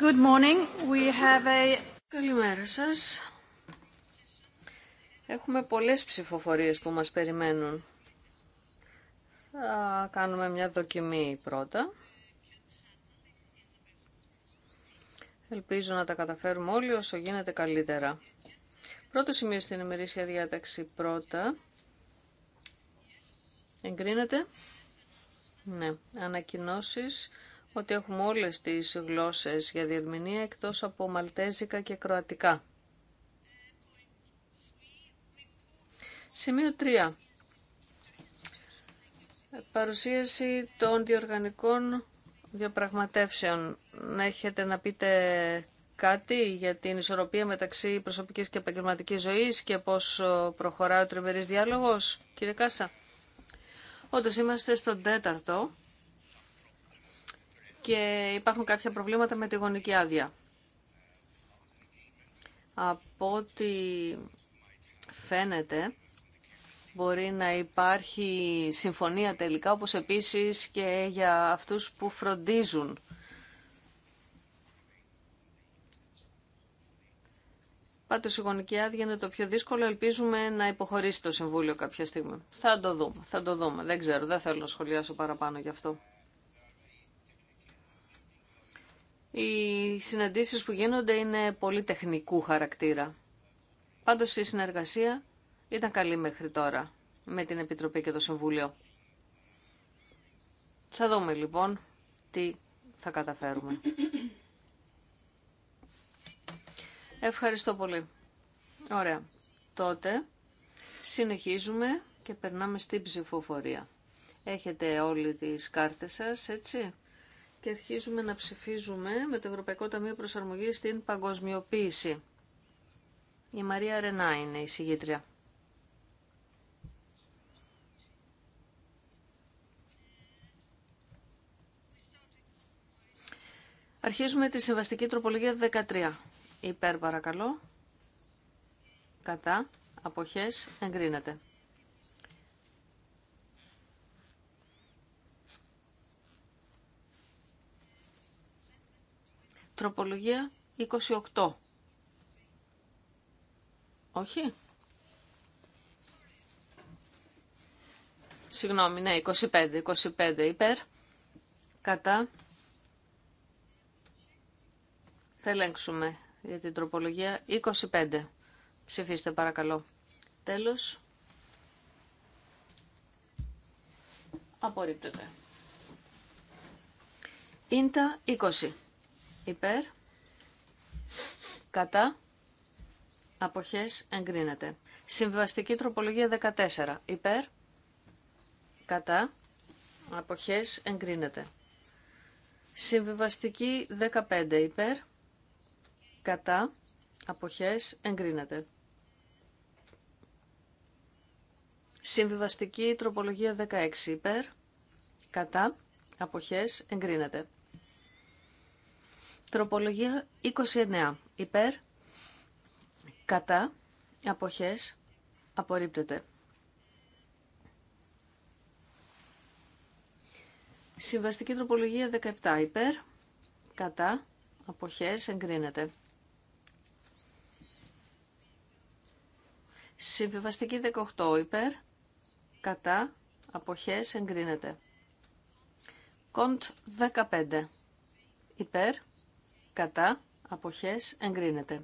Good morning. Καλημέρα σας. Έχουμε πολλές ψηφοφορίες που μας περιμένουν. Θα κάνουμε μια δοκιμή πρώτα. Ελπίζω να τα καταφέρουμε όλοι όσο γίνεται καλύτερα. Πρώτο σημείο στην ημερήσια διάταξη πρώτα. Εγκρίνεται. Ναι. Ανακοινώσεις ότι έχουμε όλες τις γλώσσες για διερμηνία εκτός από μαλτέζικα και κροατικά. Σημείο 3. Παρουσίαση των διοργανικών διαπραγματεύσεων. Να έχετε να πείτε κάτι για την ισορροπία μεταξύ προσωπικής και επαγγελματικής ζωής και πώς προχωράει ο τριμερής διάλογος, κύριε Κάσα. Όντως είμαστε στον τέταρτο και υπάρχουν κάποια προβλήματα με τη γονική άδεια. Από ό,τι φαίνεται, μπορεί να υπάρχει συμφωνία τελικά, όπως επίσης και για αυτούς που φροντίζουν. Πάντως η γονική άδεια είναι το πιο δύσκολο. Ελπίζουμε να υποχωρήσει το Συμβούλιο κάποια στιγμή. Θα το δούμε, θα το δούμε. Δεν ξέρω, δεν θέλω να σχολιάσω παραπάνω γι' αυτό. Οι συναντήσεις που γίνονται είναι πολύ τεχνικού χαρακτήρα. Πάντως η συνεργασία ήταν καλή μέχρι τώρα με την Επιτροπή και το Συμβούλιο. Θα δούμε λοιπόν τι θα καταφέρουμε. Ευχαριστώ πολύ. Ωραία. Τότε συνεχίζουμε και περνάμε στην ψηφοφορία. Έχετε όλοι τις κάρτες σας, έτσι και αρχίζουμε να ψηφίζουμε με το Ευρωπαϊκό Ταμείο Προσαρμογής στην παγκοσμιοποίηση. Η Μαρία Ρενά είναι η συγγήτρια. Αρχίζουμε τη συμβαστική τροπολογία 13. Υπέρ παρακαλώ. Κατά. Αποχές. Εγκρίνεται. Τροπολογία 28. Όχι. Συγγνώμη, ναι, 25. 25 υπέρ. Κατά. Θα ελέγξουμε για την τροπολογία 25. Ψηφίστε παρακαλώ. Τέλος. Απορρίπτεται. Ίντα 20 υπέρ, κατά, αποχές εγκρίνεται. Συμβαστική τροπολογία 14, υπέρ, κατά, αποχές εγκρίνεται. Συμβιβαστική 15 υπέρ, κατά, αποχές εγκρίνεται. Συμβιβαστική τροπολογία 16 υπέρ, κατά, αποχές εγκρίνεται. Τροπολογία 29. Υπέρ, κατά, αποχές, απορρίπτεται. Συμβαστική τροπολογία 17. Υπέρ, κατά, αποχές, εγκρίνεται. Συμβιβαστική 18. Υπέρ, κατά, αποχές, εγκρίνεται. Κοντ 15. Υπέρ, κατά, αποχές, εγκρίνεται.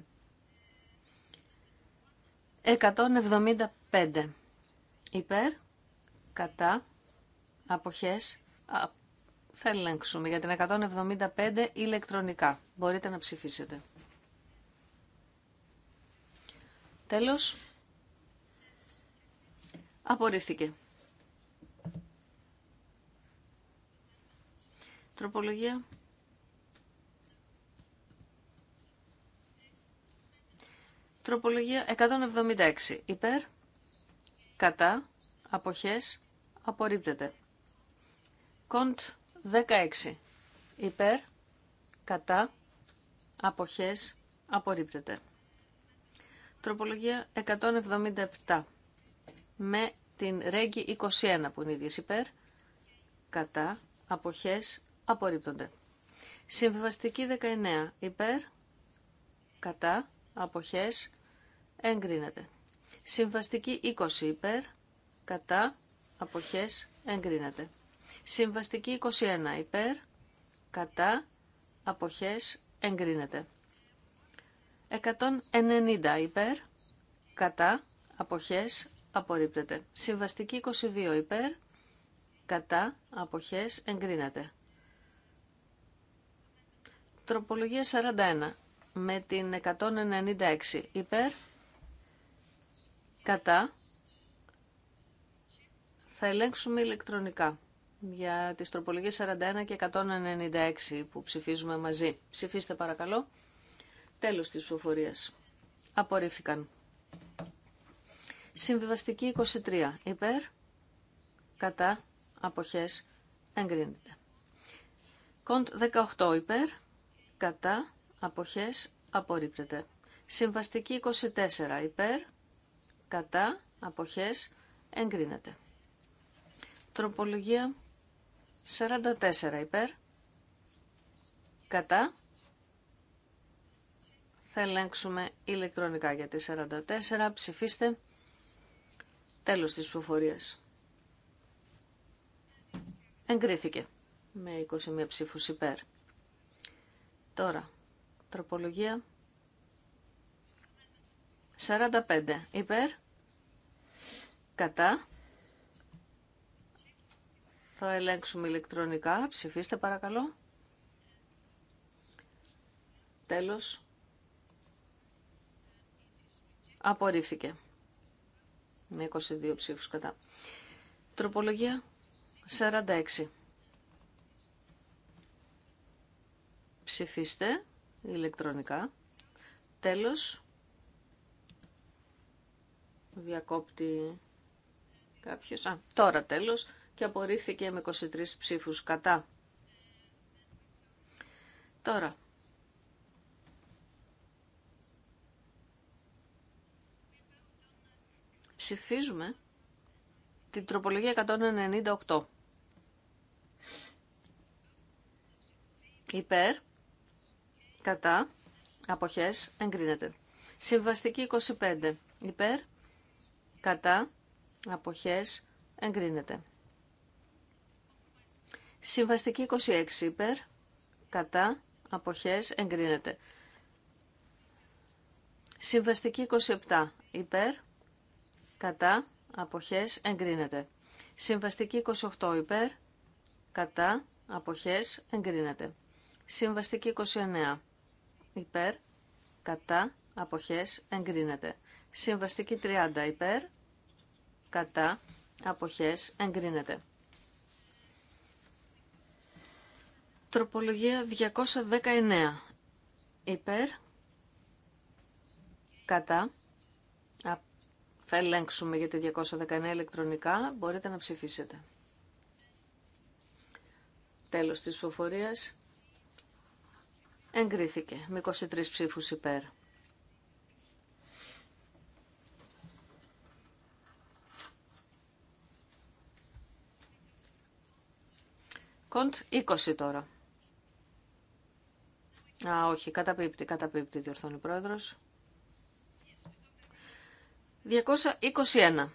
175 υπέρ, κατά, αποχές, θα ελέγξουμε για την 175 ηλεκτρονικά. Μπορείτε να ψηφίσετε. Τέλος, απορρίφθηκε. Τροπολογία Τροπολογία 176. Υπέρ, κατά, αποχές, απορρίπτεται. Κοντ 16. Υπέρ, κατά, αποχές, απορρίπτεται. Τροπολογία 177. Με την Ρέγγι 21 που είναι ίδιες υπέρ, κατά, αποχές, απορρίπτονται. Συμβιβαστική 19. Υπέρ, κατά, αποχές εγκρίνεται. Συμβαστική 20 υπέρ, κατά, αποχές εγκρίνεται. Συμβαστική 21 υπέρ, κατά, αποχές εγκρίνεται. 190 υπέρ, κατά, αποχές απορρίπτεται. Συμβαστική 22 υπέρ, κατά, αποχές εγκρίνεται. Τροπολογία 41 με την 196 υπέρ, κατά, θα ελέγξουμε ηλεκτρονικά για τις τροπολογίες 41 και 196 που ψηφίζουμε μαζί. Ψηφίστε παρακαλώ. Τέλος της ψηφοφορίας. Απορρίφθηκαν. Συμβιβαστική 23. Υπέρ, κατά, αποχές, εγκρίνεται. Κοντ 18 υπέρ, κατά, αποχές απορρίπτεται. Συμβαστική 24 υπέρ, κατά, αποχές εγκρίνεται. Τροπολογία 44 υπέρ, κατά, θα ελέγξουμε ηλεκτρονικά για τη 44, ψηφίστε, τέλος της προφορίας. Εγκρίθηκε με 21 ψήφους υπέρ. Τώρα, Τροπολογία 45. Υπέρ. Κατά. Θα ελέγξουμε ηλεκτρονικά. Ψηφίστε παρακαλώ. Τέλος. Απορρίφθηκε. Με 22 ψήφους κατά. Τροπολογία 46. Ψηφίστε ηλεκτρονικά. Τέλος, διακόπτη κάποιος. Α, τώρα τέλος και απορρίφθηκε με 23 ψήφους κατά. Τώρα. Ψηφίζουμε την τροπολογία 198. Υπέρ κατά, αποχές, εγκρίνεται. Συμβαστική 25, υπέρ, κατά, αποχές, εγκρίνεται. Συμβαστική 26, υπέρ, κατά, αποχές, εγκρίνεται. Συμβαστική 27, υπέρ, κατά, αποχές, εγκρίνεται. Συμβαστική 28, υπέρ, κατά, αποχές, εγκρίνεται. Συμβαστική 29, υπέρ, κατά, αποχές, εγκρίνεται. Συμβαστική 30 υπέρ, κατά, αποχές, εγκρίνεται. Τροπολογία 219 υπέρ, κατά, θα ελέγξουμε για τη 219 ηλεκτρονικά, μπορείτε να ψηφίσετε. Τέλος της φοφορίας εγκρίθηκε με 23 ψήφους υπέρ. Κοντ 20 τώρα. Α, όχι, καταπίπτει, καταπίπτει, διορθώνει ο πρόεδρος. 221.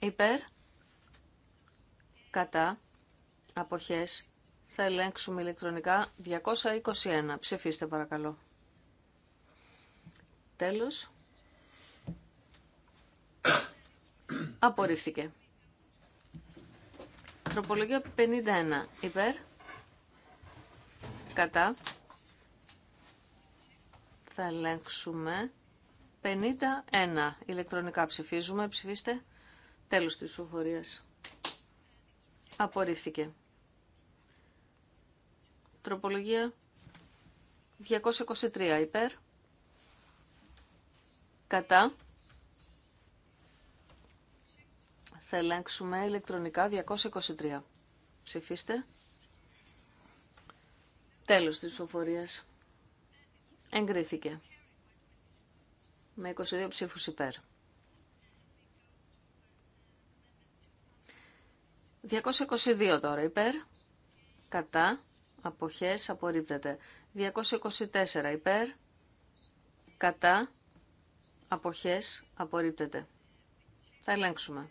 Υπέρ, κατά, αποχές, θα ελέγξουμε ηλεκτρονικά 221. Ψηφίστε παρακαλώ. Τέλος. Απορρίφθηκε. Τροπολογία 51. Υπέρ. Κατά. Θα ελέγξουμε 51. Ηλεκτρονικά ψηφίζουμε. Ψηφίστε. Τέλος της ψηφοφορίας. Απορρίφθηκε. Τροπολογία 223 υπέρ. Κατά. Θα ελέγξουμε ηλεκτρονικά 223. Ψηφίστε. Τέλος της ψηφοφορίας. Εγκρίθηκε. Με 22 ψήφους υπέρ. 222 τώρα υπέρ. Κατά. Αποχές απορρίπτεται. 224 υπέρ. Κατά. Αποχές απορρίπτεται. Θα ελέγξουμε.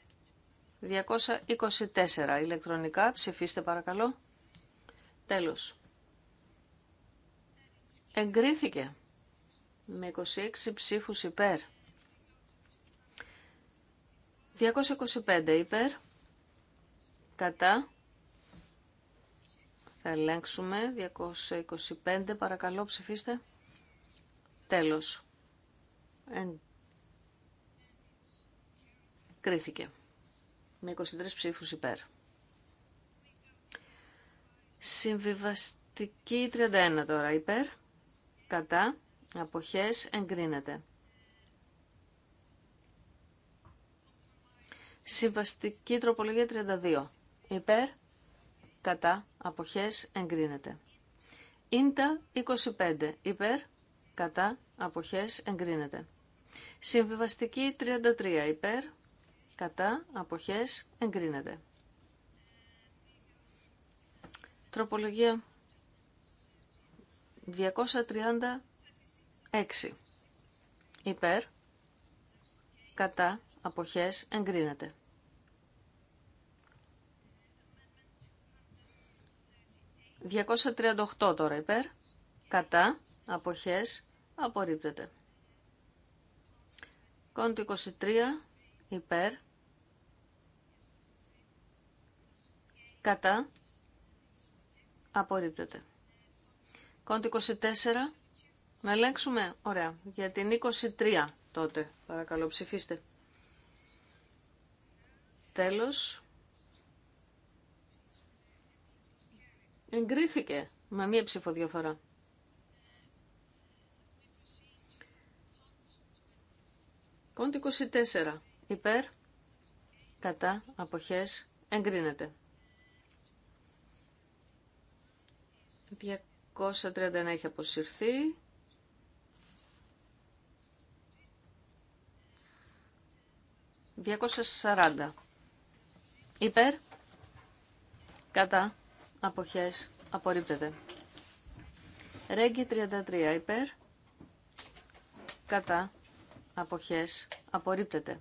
224 ηλεκτρονικά. Ψηφίστε παρακαλώ. Τέλος. Εγκρίθηκε. Με 26 ψήφους υπέρ. 225 υπέρ. Κατά. Θα ελέγξουμε. 225 παρακαλώ ψηφίστε. Τέλος. Εν... Κρίθηκε. Με 23 ψήφους υπέρ. Συμβιβαστική 31 τώρα υπέρ. Κατά. Αποχές εγκρίνεται. Συμβαστική τροπολογία 32. Υπέρ κατά, αποχές, εγκρίνεται. Ίντα 25, υπέρ, κατά, αποχές, εγκρίνεται. Συμβιβαστική 33, υπέρ, κατά, αποχές, εγκρίνεται. Τροπολογία 236, υπέρ, κατά, αποχές, εγκρίνεται. 238 τώρα υπέρ, κατά, αποχές, απορρίπτεται. Κόντου 23 υπέρ, κατά, απορρίπτεται. Κόντου 24, να ελέγξουμε, ωραία, για την 23 τότε, παρακαλώ ψηφίστε. Τέλος, εγκρίθηκε με μία ψηφοδιαφορά. Κόντι 24. Υπέρ, κατά, αποχές, εγκρίνεται. 231 έχει αποσυρθεί. 240. Υπέρ, κατά, αποχές απορρίπτεται. Ρέγγι 33 υπέρ, κατά, αποχές απορρίπτεται.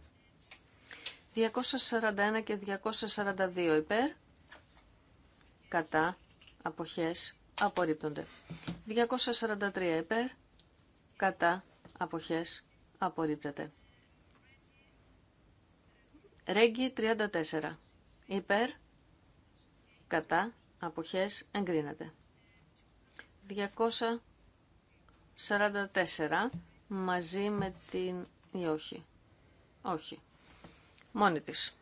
241 και 242 υπέρ, κατά, αποχές απορρίπτονται. 243 υπέρ, κατά, αποχές απορρίπτεται. Ρέγγι 34 υπέρ, κατά, αποχές εγκρίνεται. 244 μαζί με την ή όχι. Όχι. Μόνη της.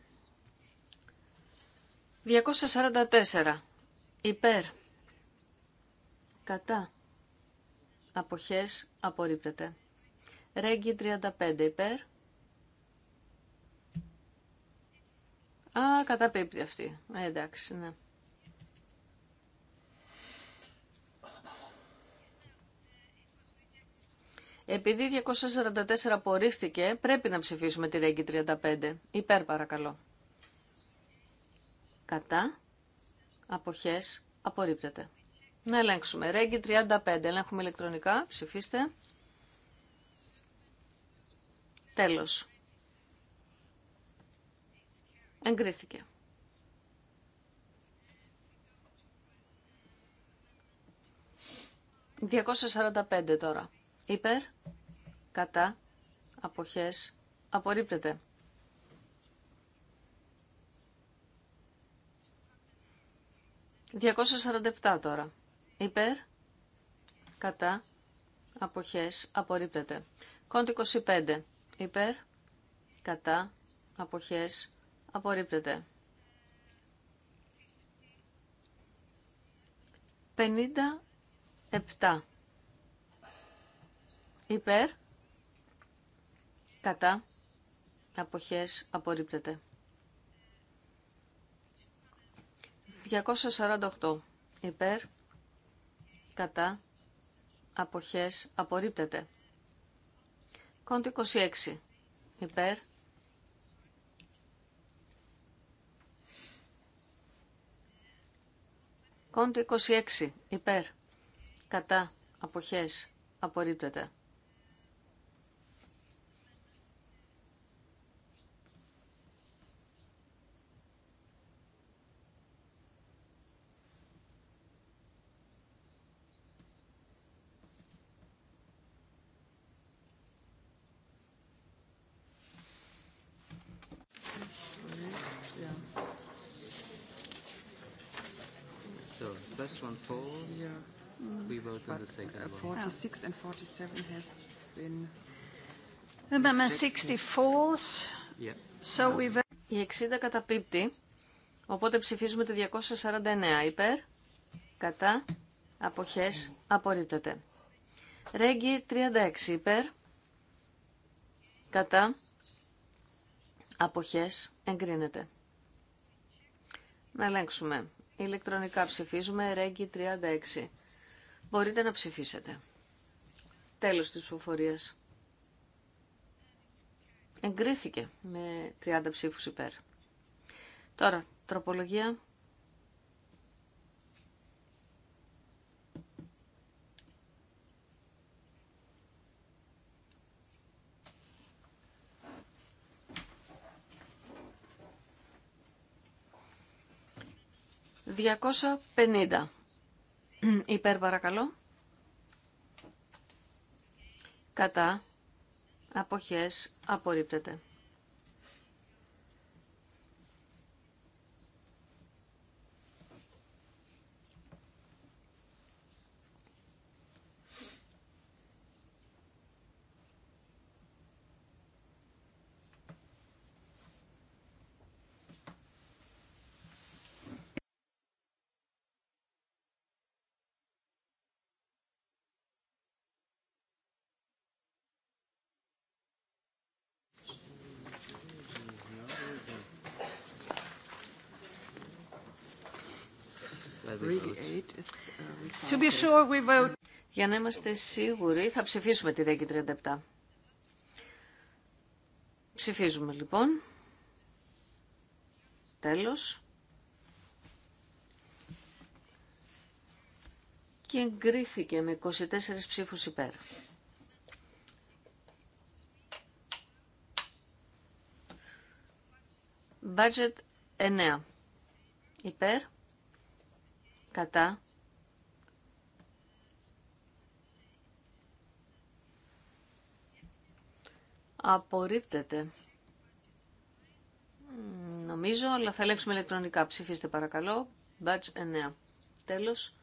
244 υπέρ κατά αποχές απορρίπτεται. Ρέγγι 35 υπέρ. Α, καταπίπτει αυτή. Ε, εντάξει, ναι. Επειδή 244 απορρίφθηκε, πρέπει να ψηφίσουμε τη ΡΕΚΙ 35. Υπέρ παρακαλώ. Κατά. Αποχές. Απορρίπτεται. Να ελέγξουμε. Ρέγγι 35. Ελέγχουμε ηλεκτρονικά. Ψηφίστε. Τέλος. Εγκρίθηκε. ...245 τώρα υπέρ, κατά, αποχές, απορρίπτεται. 247 τώρα. Υπέρ, κατά, αποχές, απορρίπτεται. Κόντι 25. Υπέρ, κατά, αποχές, απορρίπτεται. 57 υπέρ, κατά, αποχές απορρίπτεται. 248 υπέρ, κατά, αποχές απορρίπτεται. Κόντι 26 υπέρ, κόντι 26 υπέρ, κατά, αποχές απορρίπτεται. 46 and 60 Η 60 καταπίπτει, οπότε ψηφίζουμε το 249 υπέρ, κατά, αποχές, απορρίπτεται. Ρέγγι 36 υπέρ, κατά, αποχές, εγκρίνεται. Να ελέγξουμε. Ηλεκτρονικά ψηφίζουμε Ρέγγι 36. Μπορείτε να ψηφίσετε. Τέλος της ψηφοφορίας. Εγκρίθηκε με 30 ψήφους υπέρ. Τώρα, τροπολογία 250. Υπέρ παρακαλώ. Κατά. Αποχές απορρίπτεται. Για να είμαστε σίγουροι, θα ψηφίσουμε τη ΡΕΚΙ 37. Ψηφίζουμε λοιπόν. Τέλος. Και εγκρίθηκε με 24 ψήφους υπέρ. Budget 9. Υπέρ. Κατά. Απορρίπτεται. Νομίζω, αλλά θα ελέγξουμε ηλεκτρονικά. Ψηφίστε παρακαλώ. Μπάτ 9. Τέλος.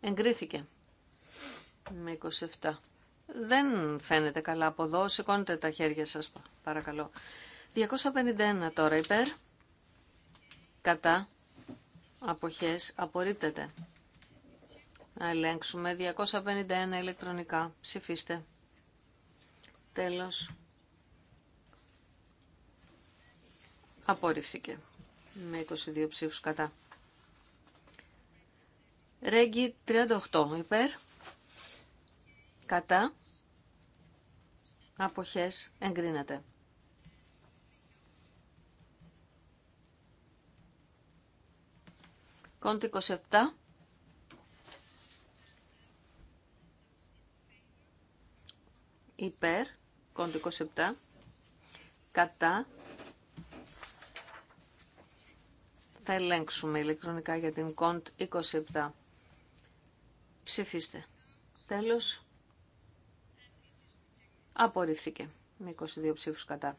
Εγκρίθηκε. Με 27. Δεν φαίνεται καλά από εδώ. Σηκώνετε τα χέρια σας παρακαλώ. 251 τώρα υπέρ. Κατά. Αποχές. Απορρίπτεται. Να ελέγξουμε. 251 ηλεκτρονικά. Ψηφίστε. Τέλος. Απορρίφθηκε. Με 22 ψήφους κατά. Ρέγγι 38 υπέρ. Κατά. Αποχές εγκρίνεται. Κόντι 27 υπέρ, κόντ 27, κατά, θα ελέγξουμε ηλεκτρονικά για την κόντ 27. Ψηφίστε. Τέλος. Απορρίφθηκε με 22 ψήφους κατά.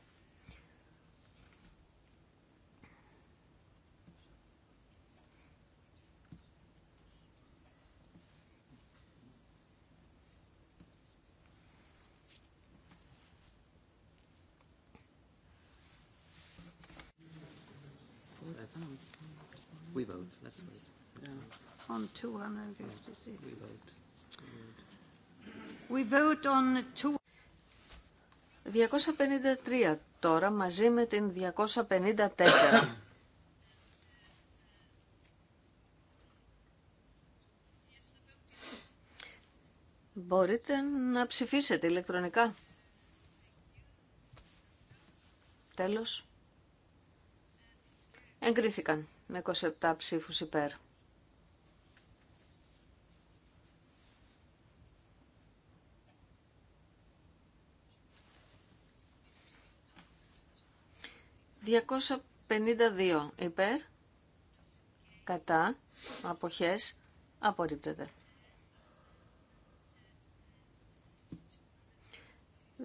We vote on 253 τώρα μαζί με την 254. Μπορείτε να ψηφίσετε ηλεκτρονικά. Τέλος. Εγκρίθηκαν με 27 ψήφους υπέρ. 252 υπέρ, κατά, αποχές, απορρίπτεται.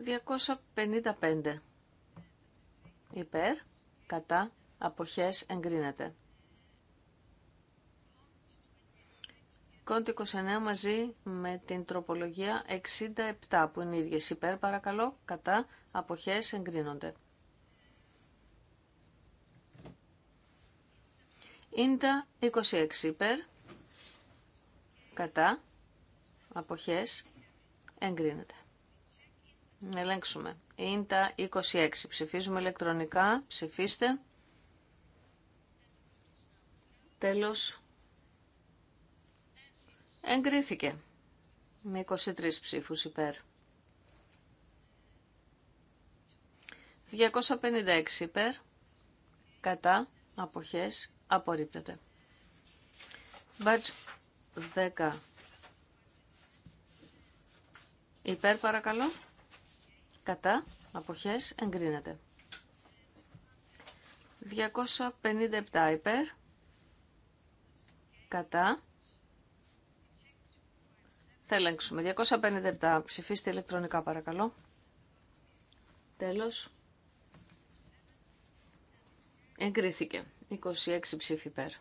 255 υπέρ, κατά, αποχές, εγκρίνεται. Κόντι 29 μαζί με την τροπολογία 67 που είναι ίδιες υπέρ παρακαλώ, κατά, αποχές εγκρίνονται. Ίντα 26 υπέρ, κατά, αποχές, εγκρίνεται. Να ελέγξουμε. Ίντα 26. Ψηφίζουμε ηλεκτρονικά. Ψηφίστε. Τέλος. Εγκρίθηκε. Με 23 ψήφους υπέρ. 256 υπέρ. Κατά. Αποχές. Απορρίπτεται. Μπατζ 10. Υπέρ παρακαλώ. Κατά. Αποχές. Εγκρίνεται. 257 υπέρ. Κατά. Θα ελέγξουμε. 257. Ψηφίστε ηλεκτρονικά παρακαλώ. Τέλος. Εγκρίθηκε. 26 ψήφι υπέρ.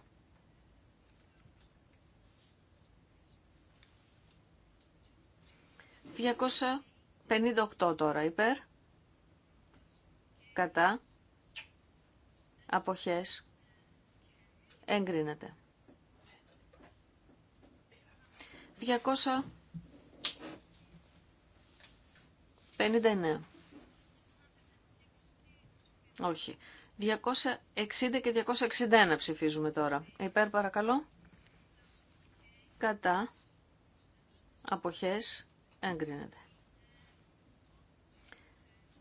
τώρα υπέρ. Κατά. Αποχές. Εγκρίνεται. 259. Όχι. 260 και 261 ψηφίζουμε τώρα. Υπέρ παρακαλώ. Κατά. Αποχές. Έγκρινεται.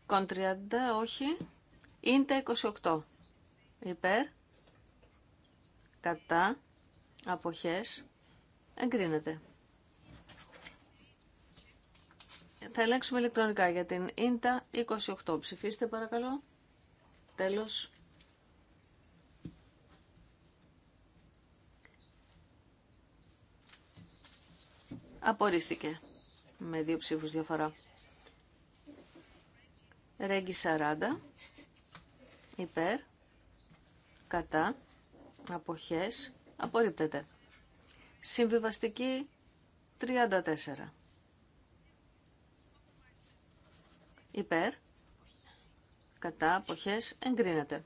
Κον 30, όχι. Ίντα, 28. Υπέρ. Κατά. Αποχές. Εγκρίνεται. Θα ελέγξουμε ηλεκτρονικά για την ίντα 28. Ψηφίστε παρακαλώ. Τέλος. Απορρίφθηκε με δύο ψήφους διαφορά. Ρέγγι 40. Υπέρ. Κατά. Αποχές. Απορρίπτεται. Συμβιβαστική 34. Υπέρ κατά αποχές εγκρίνεται.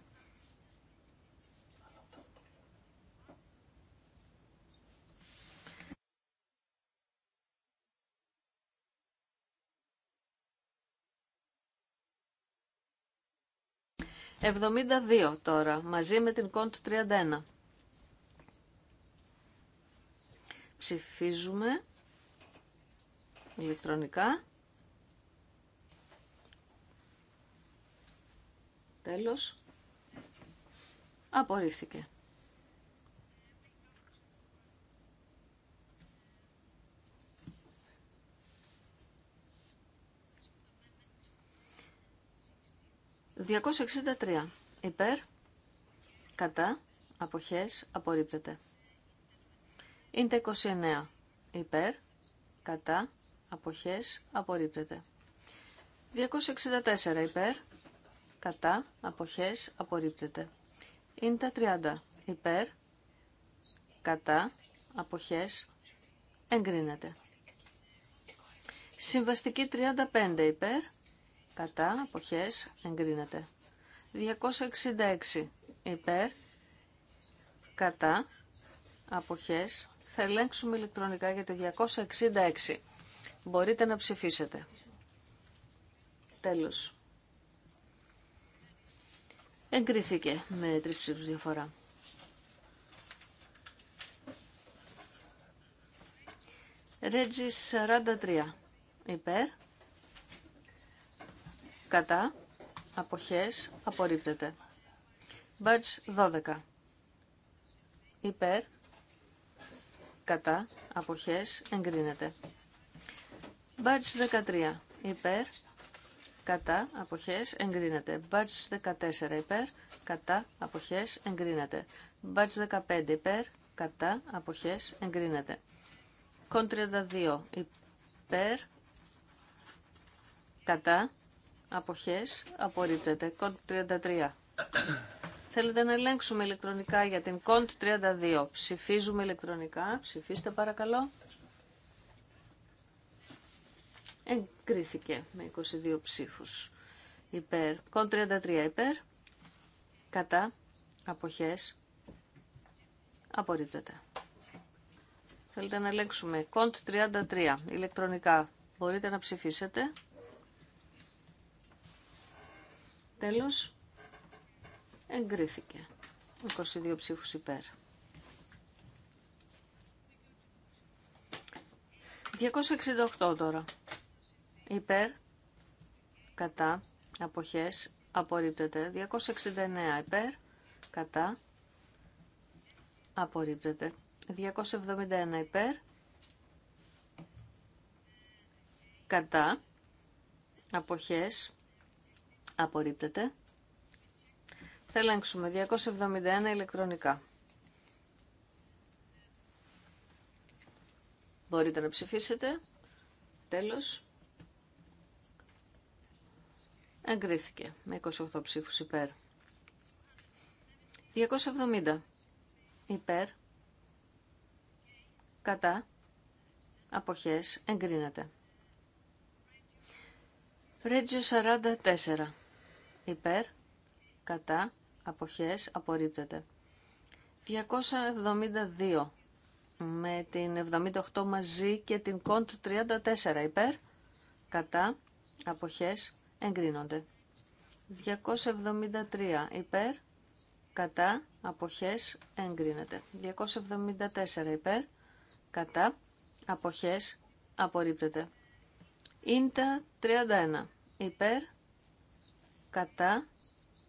Εβδομήντα δύο τώρα, μαζί με την κόντ 31. Ψηφίζουμε ηλεκτρονικά. Τέλος. Απορρίφθηκε. ...263. Υπέρ, κατά, αποχές, απορρίπτεται. Είναι 29. Υπέρ, κατά, αποχές, απορρίπτεται. 264 υπέρ, κατά, αποχές, απορρίπτεται. Είναι τα 30. Υπέρ, κατά, αποχές, εγκρίνεται. Συμβαστική 35 υπέρ, κατά, αποχές, εγκρίνεται. 266 υπέρ, κατά, αποχές, θα ελέγξουμε ηλεκτρονικά για το 266. Μπορείτε να ψηφίσετε. Τέλος. Εγκρίθηκε με τρεις ψήφους διαφορά. Ρέτζι 43. Υπέρ. Κατά. Αποχές. Απορρίπτεται. Μπάτζ 12. Υπέρ. Κατά. Αποχές. Εγκρίνεται. Μπάτζ 13. Υπέρ κατά, αποχές, εγκρίνεται. Μπάτς 14 υπέρ, κατά, αποχές, εγκρίνεται. Μπάτς 15 υπέρ, κατά, αποχές, εγκρίνεται. Κον 32 υπέρ, κατά, αποχές, απορρίπτεται. Κον 33. Θέλετε να ελέγξουμε ηλεκτρονικά για την Κοντ 32. Ψηφίζουμε ηλεκτρονικά. Ψηφίστε παρακαλώ. Εγκρίθηκε με 22 ψήφους υπέρ. Κον 33 υπέρ. Κατά. Αποχές. Απορρίπτεται. Θέλετε να ελέγξουμε. Κοντ 33. Ηλεκτρονικά. Μπορείτε να ψηφίσετε. Τέλος. Εγκρίθηκε. 22 ψήφους υπέρ. 268 τώρα υπέρ, κατά, αποχές, απορρίπτεται. 269 υπέρ, κατά, απορρίπτεται. 271 υπέρ, κατά, αποχές, απορρίπτεται. Θα ελέγξουμε 271 ηλεκτρονικά. Μπορείτε να ψηφίσετε. Τέλος. Εγκρίθηκε με 28 ψήφους υπέρ. 270 υπέρ. Κατά. Αποχές. Εγκρίνεται. Ρέτζιο 44 υπέρ. Κατά. Αποχές. Απορρίπτεται. 272 με την 78 μαζί και την κοντ 34 υπέρ. Κατά. Αποχές εγκρίνονται. 273 υπέρ, κατά, αποχές, εγκρίνεται. 274 υπέρ, κατά, αποχές, απορρίπτεται. Ίντα 31 υπέρ, κατά,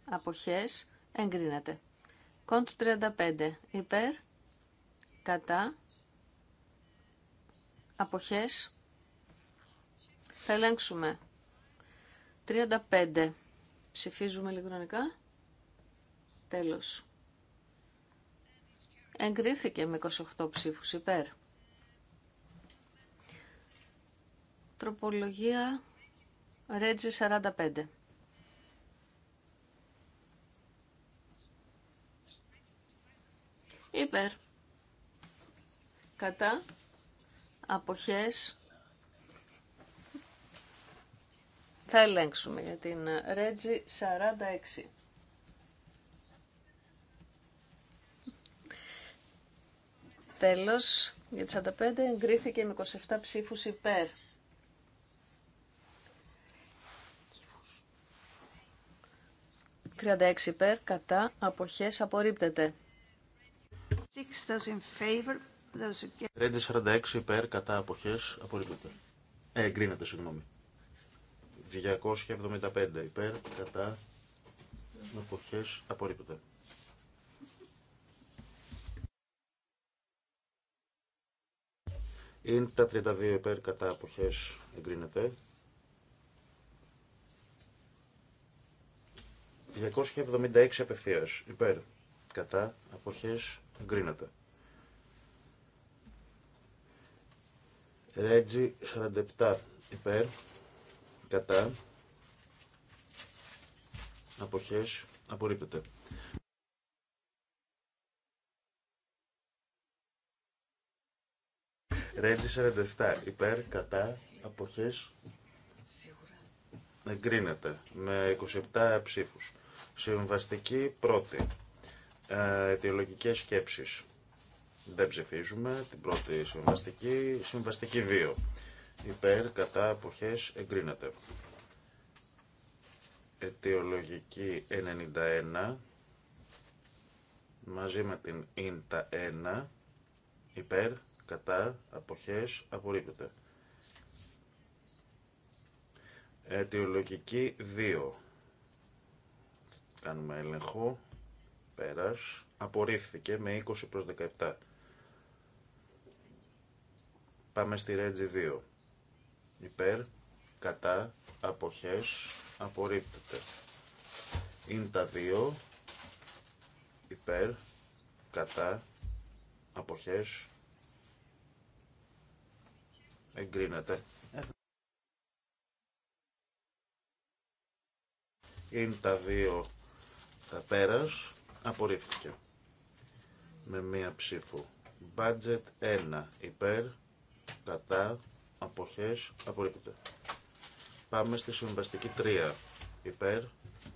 αποχές, εγκρίνεται. Κόντ 35 υπέρ, κατά, αποχές, θα ελέγξουμε 35. Ψηφίζουμε ηλεκτρονικά. Τέλος. Εγκρίθηκε με 28 ψήφους υπέρ. Τροπολογία Ρέτζι 45. Υπέρ. Κατά. Αποχές. Θα ελέγξουμε για την Ρέτζι 46. Τέλος, για τις 45 εγκρίθηκε με 27 ψήφους υπέρ. ...36 υπέρ, κατά, αποχές, απορρίπτεται. Ρέντζε 46 υπέρ, κατά, αποχές, απορρίπτεται. Ε, εγκρίνεται, συγγνώμη. 275 υπέρ, κατά, αποχές, τα 32 υπέρ, κατά, αποχές, εγκρίνεται. 276 απευθείας υπέρ, κατά, αποχές, εγκρίνεται. Ρέτζι 47 υπέρ, κατά αποχές απορρίπτεται. Ρέτζι 47 υπέρ κατά αποχές εγκρίνεται με 27 ψήφους. Συμβαστική πρώτη. Ε, αιτιολογικές σκέψει. Δεν ψηφίζουμε την πρώτη συμβαστική. Συμβαστική 2 υπέρ κατά αποχές εγκρίνεται. Αιτιολογική 91 μαζί με την ίντα 1 υπέρ κατά αποχές απορρίπτεται. Αιτιολογική 2 κάνουμε έλεγχο πέρας απορρίφθηκε με 20 προς 17 πάμε στη Ρέτζη 2 υπέρ, κατά, αποχές, απορρίπτεται. Είναι τα δύο, υπέρ, κατά, αποχές, εγκρίνεται. Είναι τα δύο τα πέρας, απορρίφθηκε. Με μία ψήφου. Budget 1 υπέρ, κατά, αποχές απορρίπτεται. Πάμε στη συμβαστική 3. Υπέρ,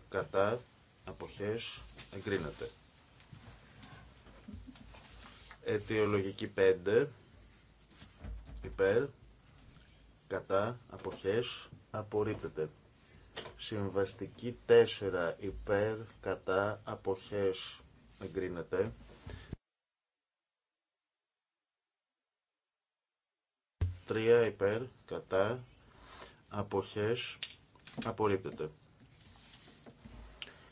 κατά, αποχές, εγκρίνεται. Αιτιολογική 5. Υπέρ, κατά, αποχές, απορρίπτεται. Συμβαστική 4. Υπέρ, κατά, αποχές, εγκρίνεται. 3 υπέρ, κατά, αποχές, απορρίπτεται.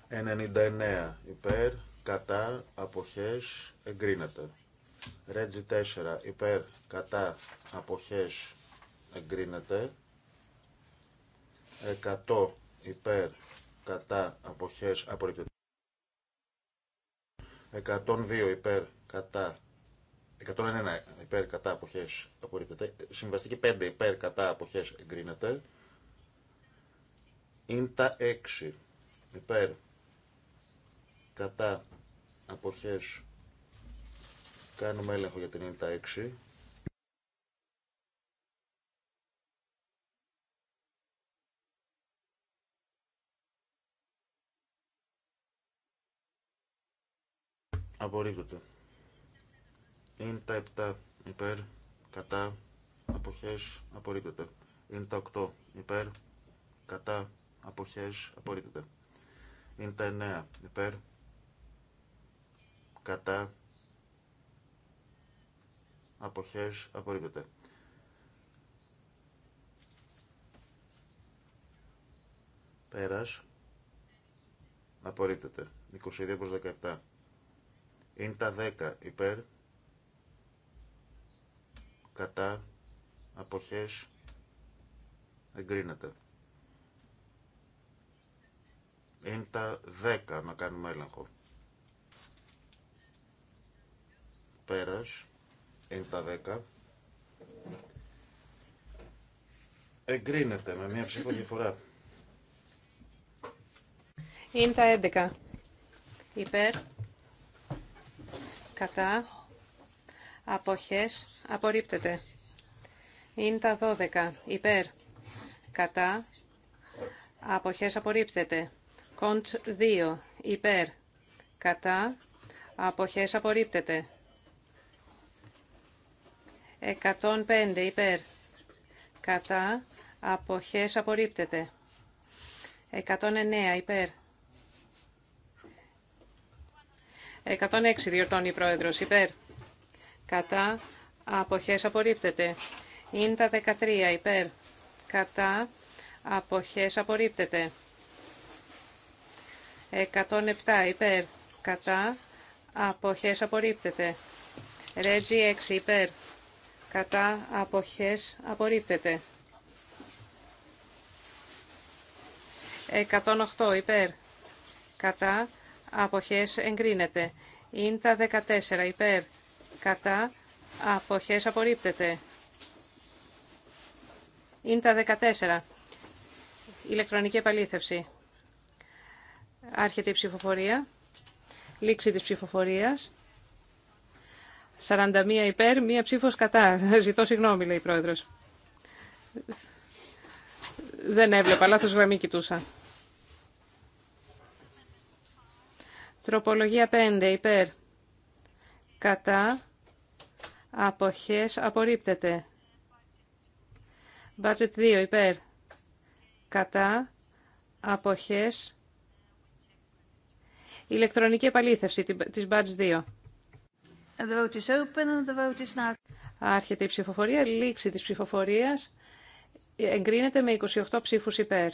99 υπέρ, κατά, αποχές, εγκρίνεται. Ρέτζι 4 υπέρ, κατά, αποχές, εγκρίνεται. 100 υπέρ, κατά, αποχές, απορρίπτεται. 102 υπέρ, κατά, 101 υπέρ κατά αποχές απορρίπτεται. Συμβαστική 5 υπέρ κατά αποχές εγκρίνεται. τα 6 υπέρ κατά αποχές κάνουμε έλεγχο για την Ίντα 6. Απορρίπτεται. Είναι τα 7 υπέρ, κατά, αποχές, απορρίπτεται. Είναι τα 8 υπέρ, κατά, απόχέ, απορρίπτεται. Είναι τα 9 υπέρ, κατά, αποχέ απορρίπτεται. Πέρας, απορρίπτεται. 22 προ 17. Είναι τα 10 υπέρ, κατά αποχές εγκρίνεται. Είναι τα 10 να κάνουμε έλεγχο. Πέρας, είναι τα 10. Εγκρίνεται με μία ψήφο διαφορά. Είναι τα 11. Υπέρ, κατά, αποχές απορρίπτεται. Είναι τα 12 υπέρ κατά αποχές απορρίπτεται. Κοντ 2 υπέρ κατά αποχές απορρίπτεται. 105 υπέρ κατά αποχές απορρίπτεται. 109 υπέρ. 106 διορτώνει η πρόεδρος υπέρ κατά αποχές απορρίπτεται. τα 13 υπέρ κατά αποχές απορρίπτεται. 107 υπέρ κατά αποχές απορρίπτεται. Ρέτζι 6 υπέρ κατά αποχές απορρίπτεται. 108 υπέρ κατά αποχές εγκρίνεται. τα 14 υπέρ κατά αποχές απορρίπτεται. Είναι τα 14. Ηλεκτρονική επαλήθευση. Άρχεται η ψηφοφορία. Λήξη της ψηφοφορίας. 41 υπέρ, μία ψήφος κατά. Ζητώ συγγνώμη, λέει η πρόεδρος. Δεν έβλεπα, λάθος γραμμή κοιτούσα. Τροπολογία 5 υπέρ. Κατά. Αποχές απορρίπτεται. Budget 2 υπέρ. Κατά. Αποχές. Ηλεκτρονική επαλήθευση της Budget 2. open and the is Άρχεται η ψηφοφορία. Λήξη της ψηφοφορίας. Εγκρίνεται με 28 ψήφους υπέρ.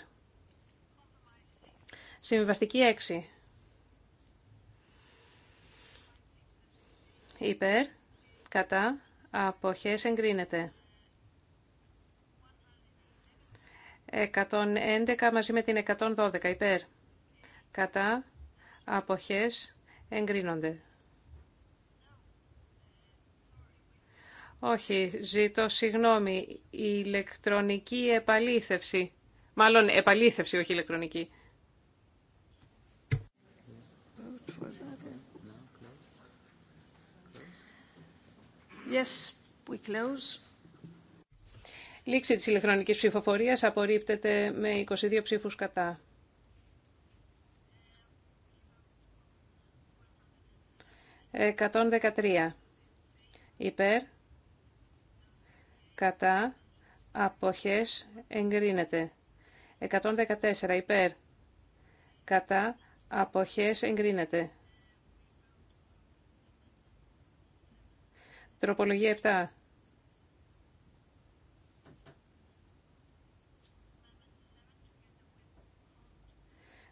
Συμβιβαστική 6. Υπέρ κατά, αποχές εγκρίνεται. 111 μαζί με την 112 υπέρ, κατά, αποχές εγκρίνονται. Όχι, ζητώ συγγνώμη, η ηλεκτρονική επαλήθευση. Μάλλον επαλήθευση, όχι ηλεκτρονική. Yes, Λήξη της ηλεκτρονικής ψηφοφορίας απορρίπτεται με 22 ψήφους κατά. 113. Υπέρ, κατά, αποχές, εγκρίνεται. 114. Υπέρ, κατά, αποχές, εγκρίνεται. Τροπολογία 7.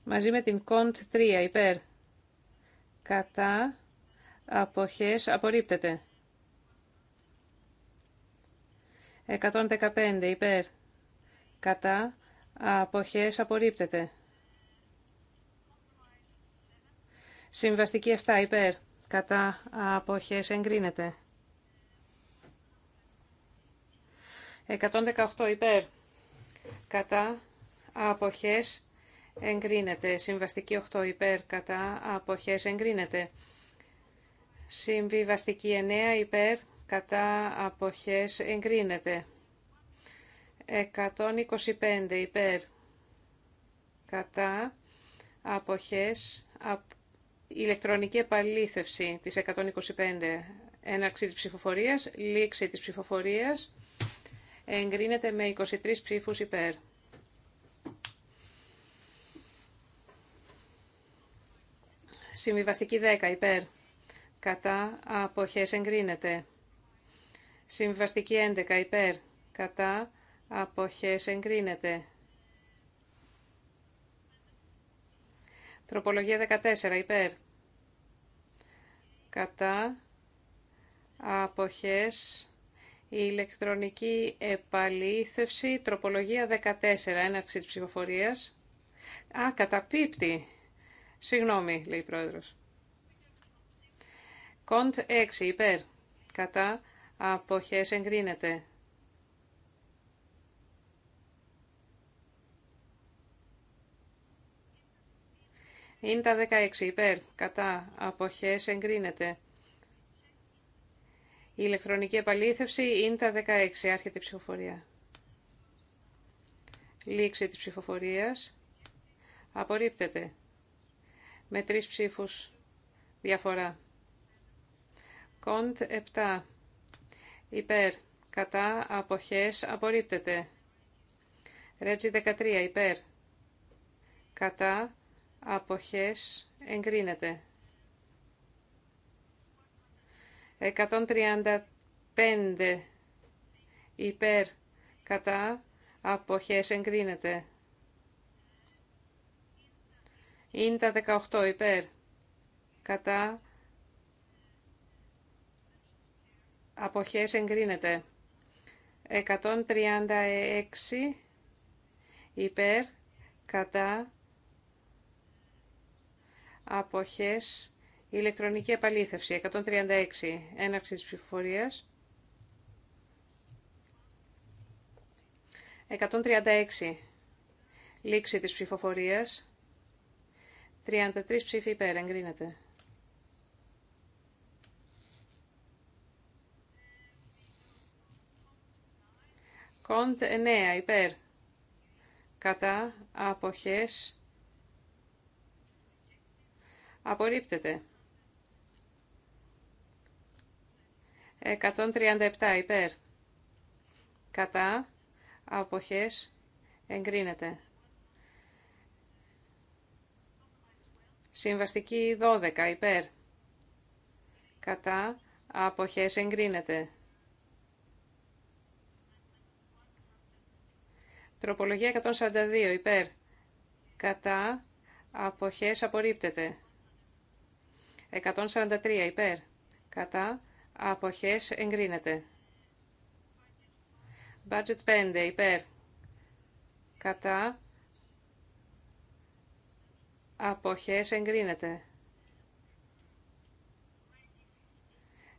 Μαζί με την κοντ 3 υπέρ. Κατά αποχές απορρίπτεται. 115 υπέρ. Κατά αποχές απορρίπτεται. Συμβαστική 7 υπέρ. Κατά αποχές εγκρίνεται. 118 υπέρ. Κατά αποχές εγκρίνεται. Συμβαστική 8 υπέρ. Κατά αποχές εγκρίνεται. Συμβιβαστική 9 υπέρ. Κατά αποχές εγκρίνεται. 125 υπέρ. Κατά αποχές ηλεκτρονική επαλήθευση της 125 έναρξη της ψηφοφορίας, λήξη της ψηφοφορίας εγκρίνεται με 23 ψήφους υπέρ. Συμβιβαστική 10 υπέρ. Κατά αποχές εγκρίνεται. Συμβιβαστική 11 υπέρ. Κατά αποχές εγκρίνεται. Τροπολογία 14 υπέρ. Κατά αποχές η ηλεκτρονική επαλήθευση, τροπολογία 14, έναρξη της ψηφοφορίας. Α, καταπίπτει. Συγγνώμη, λέει η πρόεδρος. Κοντ 6, υπέρ. Κατά αποχές εγκρίνεται. Είναι τα 16, υπέρ. Κατά αποχές εγκρίνεται. Η ηλεκτρονική επαλήθευση είναι τα 16. Άρχεται η ψηφοφορία. Λήξη της ψηφοφορίας. Απορρίπτεται. Με τρεις ψήφους διαφορά. Κοντ 7. Υπέρ. Κατά. Αποχές. Απορρίπτεται. Ρέτζι 13. Υπέρ. Κατά. Αποχές. Εγκρίνεται. 135 υπέρ κατά αποχές εγκρίνεται. Είναι τα 18 υπέρ κατά αποχές εγκρίνεται. 136 υπέρ κατά αποχές η Ηλεκτρονική επαλήθευση 136. Έναρξη της ψηφοφορίας. 136. Λήξη της ψηφοφορίας. 33 ψήφοι υπέρ. Εγκρίνεται. Κοντ 9 υπέρ. Κατά αποχές απορρίπτεται. 137 υπέρ. Κατά αποχές εγκρίνεται. Συμβαστική 12 υπέρ. Κατά αποχές εγκρίνεται. Τροπολογία 142 υπέρ. Κατά αποχές απορρίπτεται. 143 υπέρ. Κατά Αποχές εγκρίνεται. Budget 5 υπέρ. Κατά. Αποχές εγκρίνεται.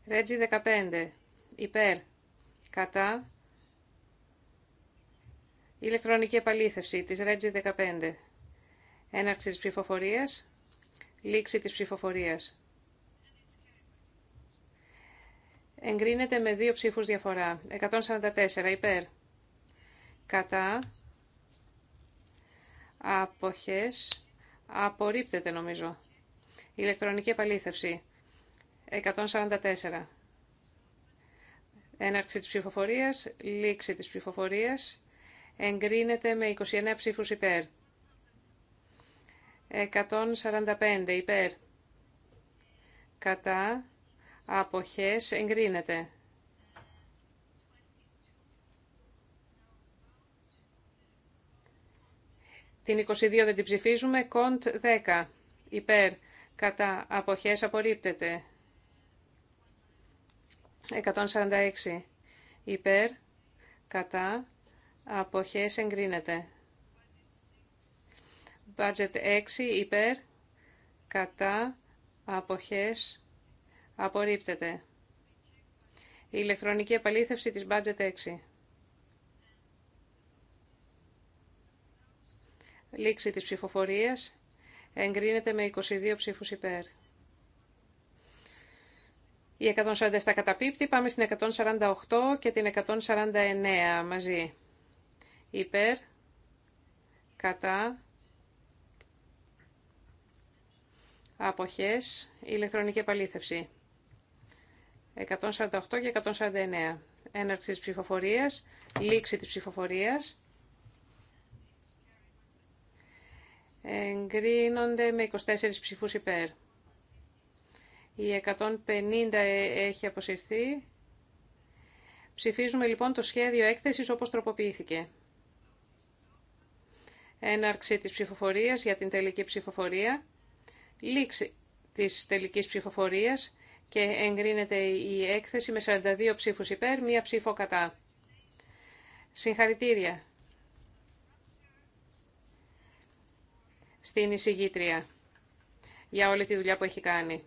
Ρέτζι 15 υπέρ. Κατά. Ηλεκτρονική επαλήθευση της Ρέτζι 15. Έναρξη της ψηφοφορίας. Λήξη της ψηφοφορίας. Εγκρίνεται με δύο ψήφους διαφορά. 144 υπέρ. Κατά. Αποχές. Απορρίπτεται νομίζω. Ηλεκτρονική επαλήθευση. 144. Έναρξη της ψηφοφορίας. Λήξη της ψηφοφορίας. Εγκρίνεται με 29 ψήφους υπέρ. 145 υπέρ. Κατά αποχές εγκρίνεται. Την 22 δεν την ψηφίζουμε. Κοντ 10. Υπέρ. Κατά. Αποχές απορρίπτεται. 146. Υπέρ. Κατά. Αποχές εγκρίνεται. Budget 6. Υπέρ. Κατά. Αποχές Απορρίπτεται. Η ηλεκτρονική επαλήθευση της budget 6. Λήξη της ψηφοφορίας εγκρίνεται με 22 ψήφους υπέρ. Η 147 καταπίπτει, πάμε στην 148 και την 149 μαζί. Υπέρ, κατά, αποχές, ηλεκτρονική επαλήθευση. 148 και 149. Έναρξη της ψηφοφορίας, λήξη της ψηφοφορίας. Εγκρίνονται με 24 ψηφούς υπέρ. Η 150 έχει αποσυρθεί. Ψηφίζουμε λοιπόν το σχέδιο έκθεσης όπως τροποποιήθηκε. Έναρξη της ψηφοφορίας για την τελική ψηφοφορία. Λήξη της τελικής ψηφοφορίας και εγκρίνεται η έκθεση με 42 ψήφους υπέρ, μία ψήφο κατά. Συγχαρητήρια στην εισηγήτρια για όλη τη δουλειά που έχει κάνει.